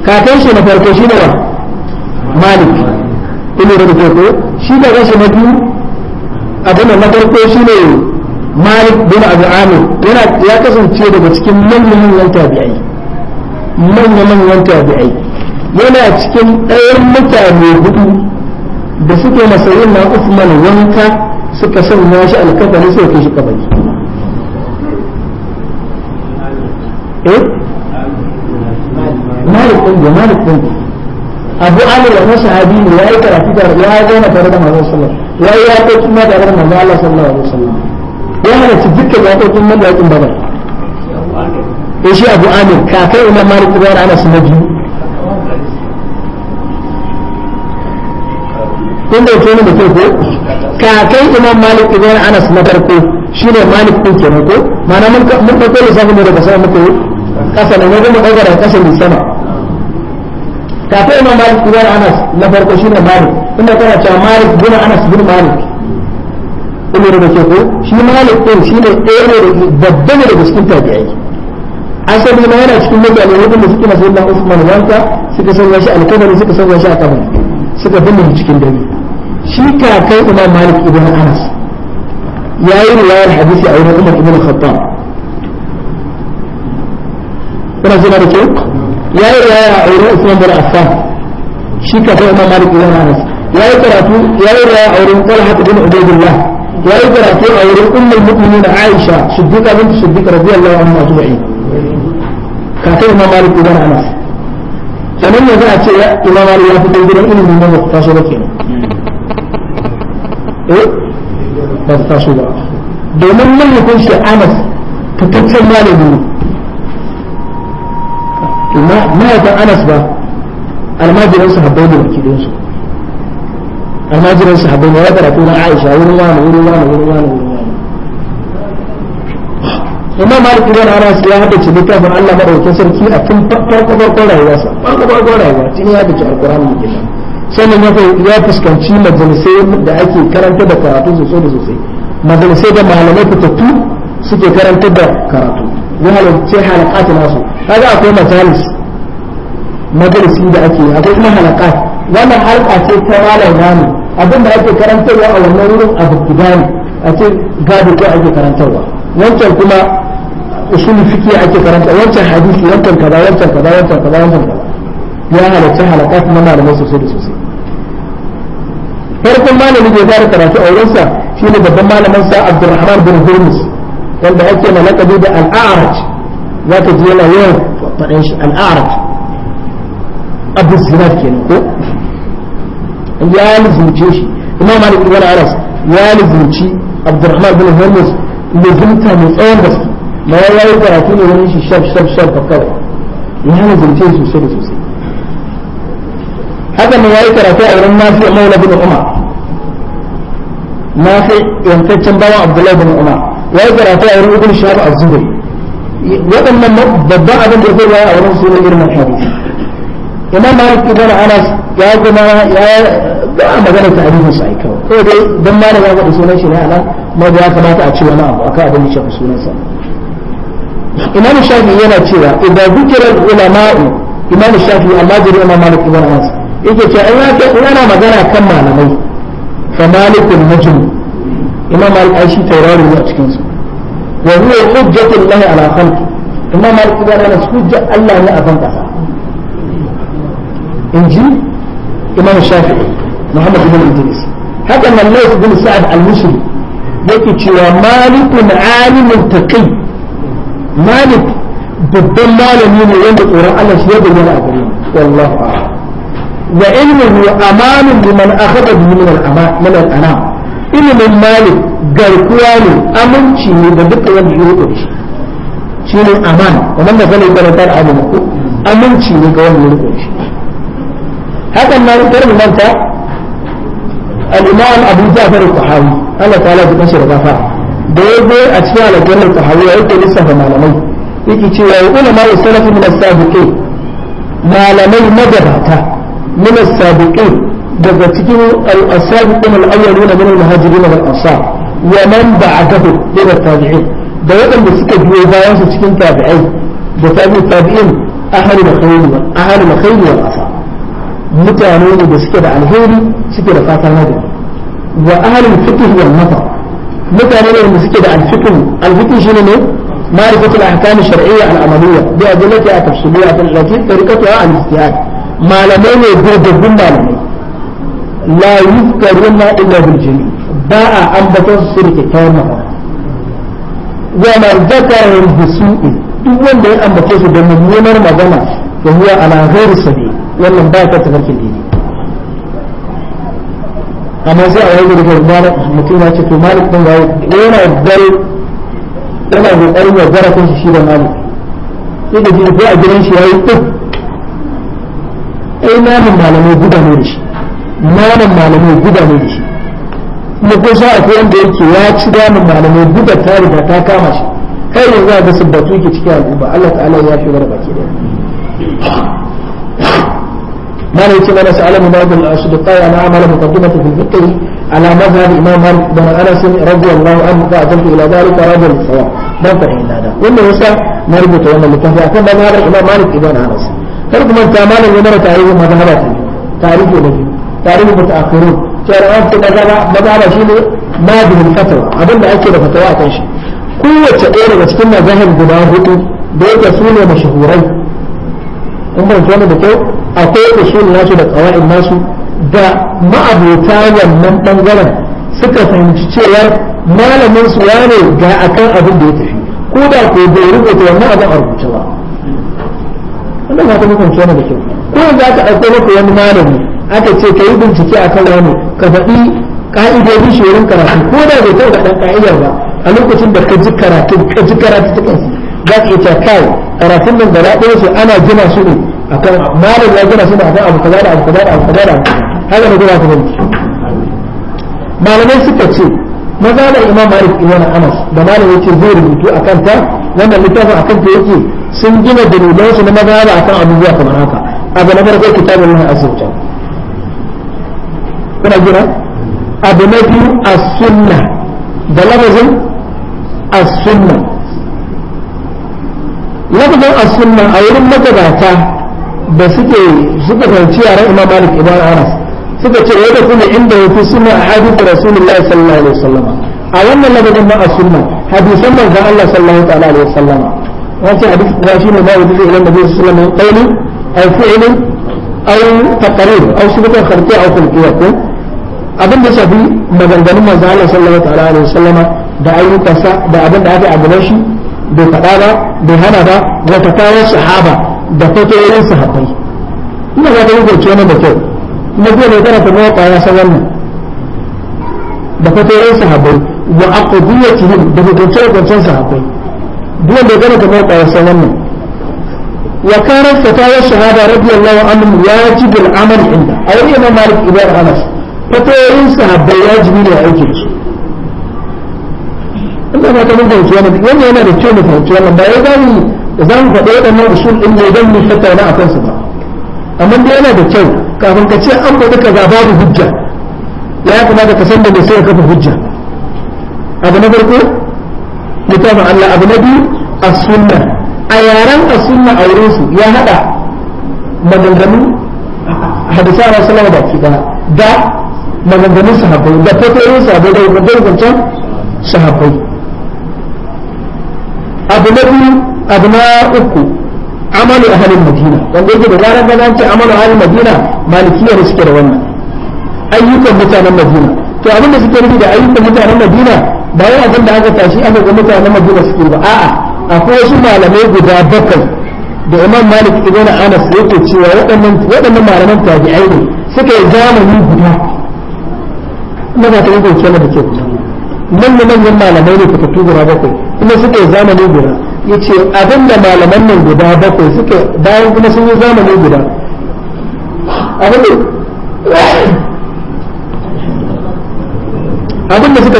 kakai shi na farko shi ne wa malik ina da ko shi da gashi na biyu abin na farko shi ne malik bin abu amir yana ya kasance daga cikin manyan manyan tabi'ai manyan manyan tabi'ai yana cikin ɗayan mutane hudu da suke masayin na Usman wanka suka sanya shi alkafani sai kai shi kabari eh malik din da malik din abu amir wani sahabi ne yayi karatu da ya zauna tare da manzon sallallahu alaihi wasallam yayi ya kai kuma da manzon Allah sallallahu alaihi wasallam ya halarci dukkan ya kai kuma da yakin badar eh shi abu amir kakai imam malik bin anas na biyu kun dauke ni mutum ko kakan imam malik ibn anas na farko shine malik din kenan ko ma'ana mun mun dauko lissafin daga sama muka yi kasa ne mun dauka daga kasa ne sama kakan imam malik ibn anas na farko shine malik inda kana cewa malik bin anas bin malik kuma da ke ko shi malik din shine ɗaya ne babba ne daga cikin tabi'ai asali ma yana cikin mutane wadanda suke masu yin Usman wanka suka sanya shi alkabari suka sanya shi a kabari suka binne cikin dare شيكا كي امام مالك ابن انس يا اين الله الحديث يا اين عمر ابن الخطاب ولا زينا بتوق يا اين يا عمر اثنان بر عفان شيكا كي امام مالك ابن انس يا اين تراتو يا اين يا عمر طلحة ابن عبيد الله يا اين تراتو عمر ام المؤمنين عائشة صديقة بنت صديقة رضي الله عنها اجمعين كاتب امام مالك ابن انس فمن يدعى امام مالك ابن انس فمن يدعى من مالك ابن انس فمن يدعى امام مالك ابن انس ba ta taso ba domin mallakun shi anas fitaccen malami anas ba ne ya karatu na aisha wurin wani wurin wani wurin wani wurin wani malik ibn anas ya hada littafin Allah madaukakin sarki a tun farko rayuwa rayuwarsa farko farko rayuwa tun ya hada alqur'ani ne sannan ya fuskanci majalisai da ake karanta da karatu sosai da sosai majalisai da malamai fitattu suke karanta da karatu ya halarci halakati nasu kaga akwai majalis majalisi da ake yi akwai kuma halakat wannan halka ce ta malam rami abin da ake karantarwa a wannan wurin abu kudani a ce gado ko ake karantarwa wancan kuma usul fiki ake karanta wancan hadisi wancan kaza wancan kaza wancan kaza wancan kaza ya halarci halakat na malamai sosai da sosai farkon malami da ya fara karatu a wurinsa shi ne babban malamin sa Abdulrahman bin Hurmus wanda ake na lakabi da al-A'raj za ka ji yana yawan faɗin shi al-A'raj Abu Zinad kenan ko ya lizumce shi Imam Malik ibn Anas ya lizumci Abdulrahman bin Hurmus lizumta mai tsawon gaske ma ya yi karatu ne wani shi shaf shaf shaf kawai ya lizumce sosai da sosai haka ne yi karatu a wurin Nafi Maula bin Umar Nafi yantaccen bawan Abdullahi bin Umar yi karatu a wurin Ibn Shahab az-Zuhri waɗannan babban abin da zai bayar a wurin sunan irin hadisi imam Malik ibn Anas ya zama ya ba magana ta alimin sa ai kawai ko dai dan malam ya faɗi sunan shi ne anan ma ya kamata a ce wani abu akan abin da shafi sunan sa imam Shafi yana cewa idan zikira ulama'u imam Shafi amma jira imam Malik ibn Anas yake ce ai yana magana kan malamai fa malikul majmu imam al-aishi taurari ne a cikin su wa huwa hujjatul lahi ala khalqi imam malik ya rana hujja Allah ne a kan kasa inji imam shafi'i muhammad ibn idris haka nan lays bin sa'ad al-mushri yake cewa malikun alimun taqi malik babban malami ne wanda tsoron Allah shi ya bayyana a gare ni wallahi wa ilmuhu amanun liman akhadha min al min al ilimin malik garkuwa ne aminci ne da duka wanda ya shi shi ne aman wannan da zai aminci ne ga wanda ya shi hakan manta al-imam abu ja'far al Allah ta'ala ya kashe da da a cikin alaƙar al-tahawi yake lissafa malamai yake cewa ulama wa salafi min as-sabiqin malamai magabata من السابقين دفتكم السابقون الأولون من المهاجرين والأنصار ومن بعده من التابعين ده وقت اللي سكت سكين تابعين ده تابعين التابعين أهل الخير أهل الخير والأنصار متعنون بسكت على الهير سكت فات النبي وأهل الفقه والمطر متعنون بسكت على الفقه الفقه شنو معرفة الأحكام الشرعية العملية بأدلتها التفصيلية التي طريقتها الاجتهاد malamai ne gurgurbin malamai la na illa bil jami ba a ambaton su da kyakkyawan mafa wa ma zakarun bisu'i duk wanda ya ambace su da mummunar magana da huwa ala ghairi sabi wannan ba ta tafarkin dini amma sai a yanzu daga mutum ya ce to malik din yana dare yana kokarin ya zara kansa shi da malik sai da jini ko a gidan shi yayi duk akwai namun malamai guda ne da shi namun malamai guda ne da shi kuma ko sa akwai wanda yake ya ci namun malamai guda ta riga ta kama shi kai yanzu a ga sabbatu yake cikin al'umma Allah ta'ala ya fi mana baki daya مالك كما سأل مناد الأشدقاء أن عمل مقدمة في الفقه على مذهب الإمام مالك بن أنس رضي الله عنه فأتمت إلى ذلك رجل الصواب ما فهم هذا وإنه يسأل نربط يوم الكهف أكون مذهب الإمام مالك بن أنس kar kuma ta malam ya mara tarihi mazhaba ce tarihi ne tarihi ba ta'akhiru shari'a ta shi ne shine madhhabul fatwa abinda ake da fatawa a kan shi kowace ɗaya daga cikin mazahib guda hudu da yake su ne mashahurai kun ban tona da kyau akwai usul nasu da qawaid nasu da ma'abota wannan bangaren suka fahimci cewa malamin su ya ne ga akan abin da ya tafi ko da ko bai rubuta wannan abin a rubuce ba ina ba ta mutunce yana da kyau ko za ka aiko maka wani malami aka ce ka yi bincike a kan wani ka faɗi ka'idodin shi wurin karatu ko da bai taɓa ɗan ka'idar ba a lokacin da ka ji karatu ka ji karatu ta kansu za ka iya kai karatun nan gaba ɗaya su ana gina su ne akan malam ya gina su ne akan abu kaza da abu kaza da abu kaza da haka ne gina su ne malamai suka ce maza da imam malik ibn anas da malam yake zai rubutu a kan ta wannan littafin kan ta yake sun gina dalilan su na a kan abubuwa kamar haka abu na farko kitabun Allah azza wa kuna jira abu na biyu as-sunna da lafazin as-sunna lafazin as-sunna a wurin magabata da suke suka fahimci yaran Imam Malik Ibn Anas suka ce wai da kuma inda yafi sunna a hadith Rasulullahi sallallahu alaihi wasallam a wannan lafazin ba a sunna hadisan manzon Allah sallallahu ta'ala alaihi wasallam hadisi da shi ne ba wuce ila zai sallallahu alaihi wasallam qawli aw fi'li aw taqrir aw subta kharti aw khulqiya ko abin da shafi maganganun manzon Allah sallallahu ta'ala alaihi wasallam da ayyukansa da abin da aka abu shi bai faɗa ba bai hana ba da fatawar sahaba da fatawoyin sahabbai ina ga da yake wannan da kyau kuma dole kana ta mawa kwaya san wannan da fatawoyin sahabbai wa aqdiyatihim da hukunce hukuncen sahabbai duk wanda gane kamar ƙwarasan wannan wa karar fatawar shahada radiyallahu anhum wajibul amal inda a wani imam malik ibn anas fatawoyin sahabbai wajibi ne a aikin su ina ba ta mun fahimci wannan wannan yana da kyau mu fahimci wannan ba ya gani za mu faɗi waɗannan usul ɗin ne don mu tattauna a kansu ba amma dai yana da kyau kafin ka ce an faɗi kaza babu hujja ya kamata ka san da me sai ka kafa hujja abu na farko littafin Allah abu na biyu as-sunna a yaran as-sunna a wurin su ya hada maganganun hadisan Rasulullah da ki da maganganun sahabbai da fatoyin sahabbai da maganganun sahabbai abu na biyu abu na uku amalu ahalin madina wanda yake da zarar ganin ce amalu ahalin madina malikiya da suke da wannan ayyukan mutanen madina to abin da suke nufi da ayyukan mutanen madina ba wai abin da aka tashi aka ga mutanen madina suke ba a'a akwai wasu malamai guda bakwai da imam malik ibn anas yake cewa waɗannan waɗannan malaman tabi'ai ne suka yi zamani guda na ba ta yi kwanci da ke nan da manyan malamai ne fitattu guda bakwai kuma suka yi zamani guda ya ce abin da malaman nan guda bakwai suka bayan kuma sun yi zamani guda abin da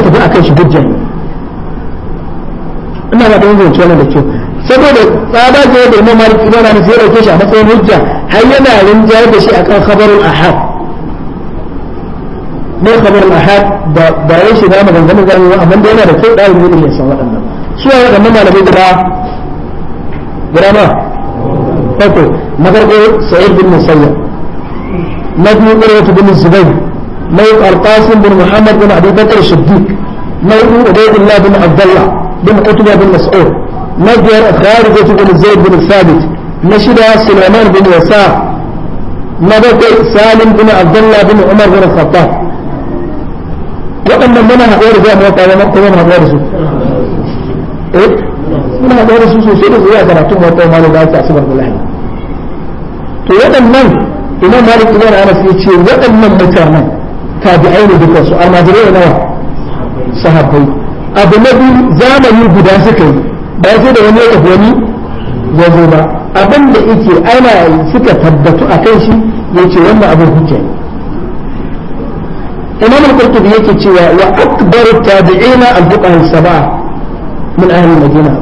suka tafi akan shi hujja ne ina ba ta yin zance da kyau saboda tsada da ya dalma malik ibana na sai dauke shi a matsayin hujja har yana rinjayar da shi akan khabarul ahad ne khabarul ahad da ba ya shiga maganganun zamu ba amma da yana da kyau dalin ne ya san waɗannan su ya waɗannan malamai guda guda ma farko na farko sa'id bin musayyab na biyu quraytu bin zubayr نوع القاسم بن محمد بن أبي بكر الصديق نوع عبيد الله بن عبد الله بن قتبة بن مسعود نجر خارجة بن زيد بن ثابت نشد سليمان بن يسار نبكي سالم بن عبد الله بن عمر بن الخطاب waɗannan muna haɗuwar zuwa mota na mako muna haɗuwar su eh muna haɗuwar su sosai da zuwa karatun mota ma da ake asibar bulahi to waɗannan imam malik ibn anas ya ce waɗannan mutanen tabi'ai ne duka su almajirai nawa sahabbai abu na biyu zamani guda suka yi ba sai da wani ya wani ya zo ba abin da yake ana suka tabbatu a kan shi ya ce wannan abin hujja ne imam al-qurtubi yake cewa wa akbaru tabi'ina al-fuqaha as-sab'a min ahli al-madina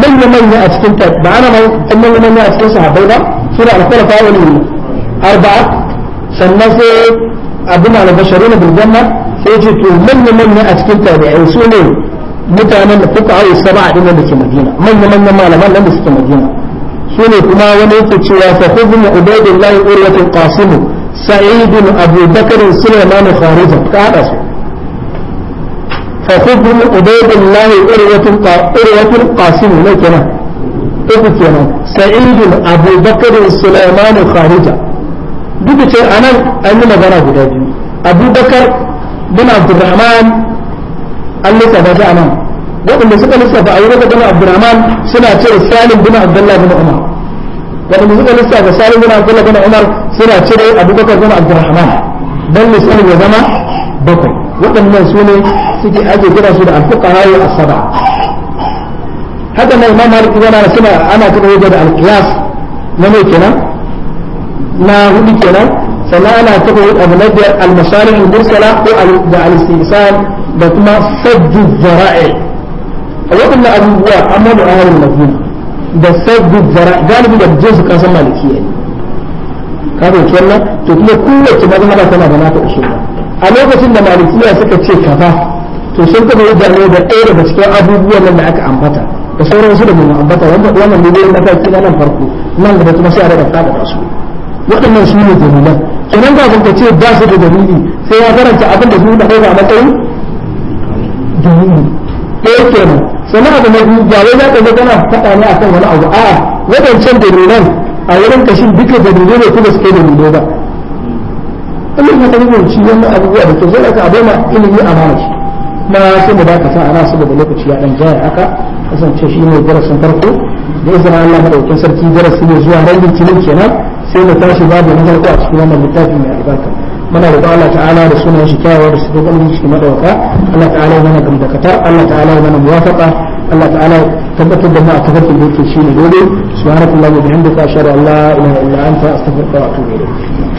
manya manya a cikin ta ba ana mai manya manya a cikin sahabbai ba sura al-khulafa wal arba'a sannan sai abin al-basharina bil janna sai ce to manyan manyan a cikin tabi'ai su ne mutanen da fuka hawa saba din da ke Madina manyan manyan malaman nan da suke Madina su ne kuma wani yake cewa fa khudhu ubaydullah urwatul qasim sa'id abu bakr sulaiman kharija ka hada su fa khudhu ubaydullah urwatul urwatul qasim ne kenan uku kenan sa'id abu bakr sulaiman kharija duk ce a nan an yi magana guda biyu abubakar bin abdurrahman an lissafa shi anan waɗanda suka lissafa abubakar bin abdurrahman suna cire salim bin abdullah bin umar waɗanda suka lissafa salim bin abdullah bin umar suna cire abubakar bin abdurrahman dan lissafa ya zama bakwai waɗannan su ne suke ake kira su da alfuqara wa asaba haka nan imam malik ibn anas ana wajen da alqiyas na ne kenan na hudu kenan sannan ana taɓa yin abu na biyar almasalin mursala ko da alistisan da kuma saddu zara'i a waɗannan abubuwa amma da ayyar madina da saddu zara'i galibi da jinsu kasan malikiya ne ka bai kenan to kuma kowace mazhaba tana da nata usul a lokacin da malikiya suka ce kaza to sun kuma yi gane da ɗaya daga cikin abubuwan nan da aka ambata da sauran su da mun ambata wannan ne mataki na nan farko nan gaba kuma sai a daga fada da su waɗannan su ne dalilan kenan ba ka ce ba su da dalili sai ya karanta abin da su da kai a matsayin dalili ɗaya kenan sannan abu na biyu ba wai za ka ga kana faɗa ne akan wani abu a'a waɗancan dalilan a wurin kashin duka dalilai ne kuma suke dalilai ba Allah ya tabbata da shi wannan abubuwa da ke zo daga abai ma ilimi a mana ma sai mu sa ana saboda lokaci ya dan jaya aka kasance shi ne darasin farko da izinin Allah madaukakin sarki darasi ne zuwa rangin tilin kenan sai da tashi babu na farko a cikin wannan littafi mai albarka muna roƙo Allah ta'ala da sunan shi kyawawa da sifofin shi madawaka Allah ta'ala ya mana gamdakata Allah ta'ala ya mana muwafaqa Allah ta'ala tabbatar da mu a tafarkin da yake shine dole subhanallahi wa bihamdika ashhadu an la ilaha illa anta astaghfiruka wa atubu ilayk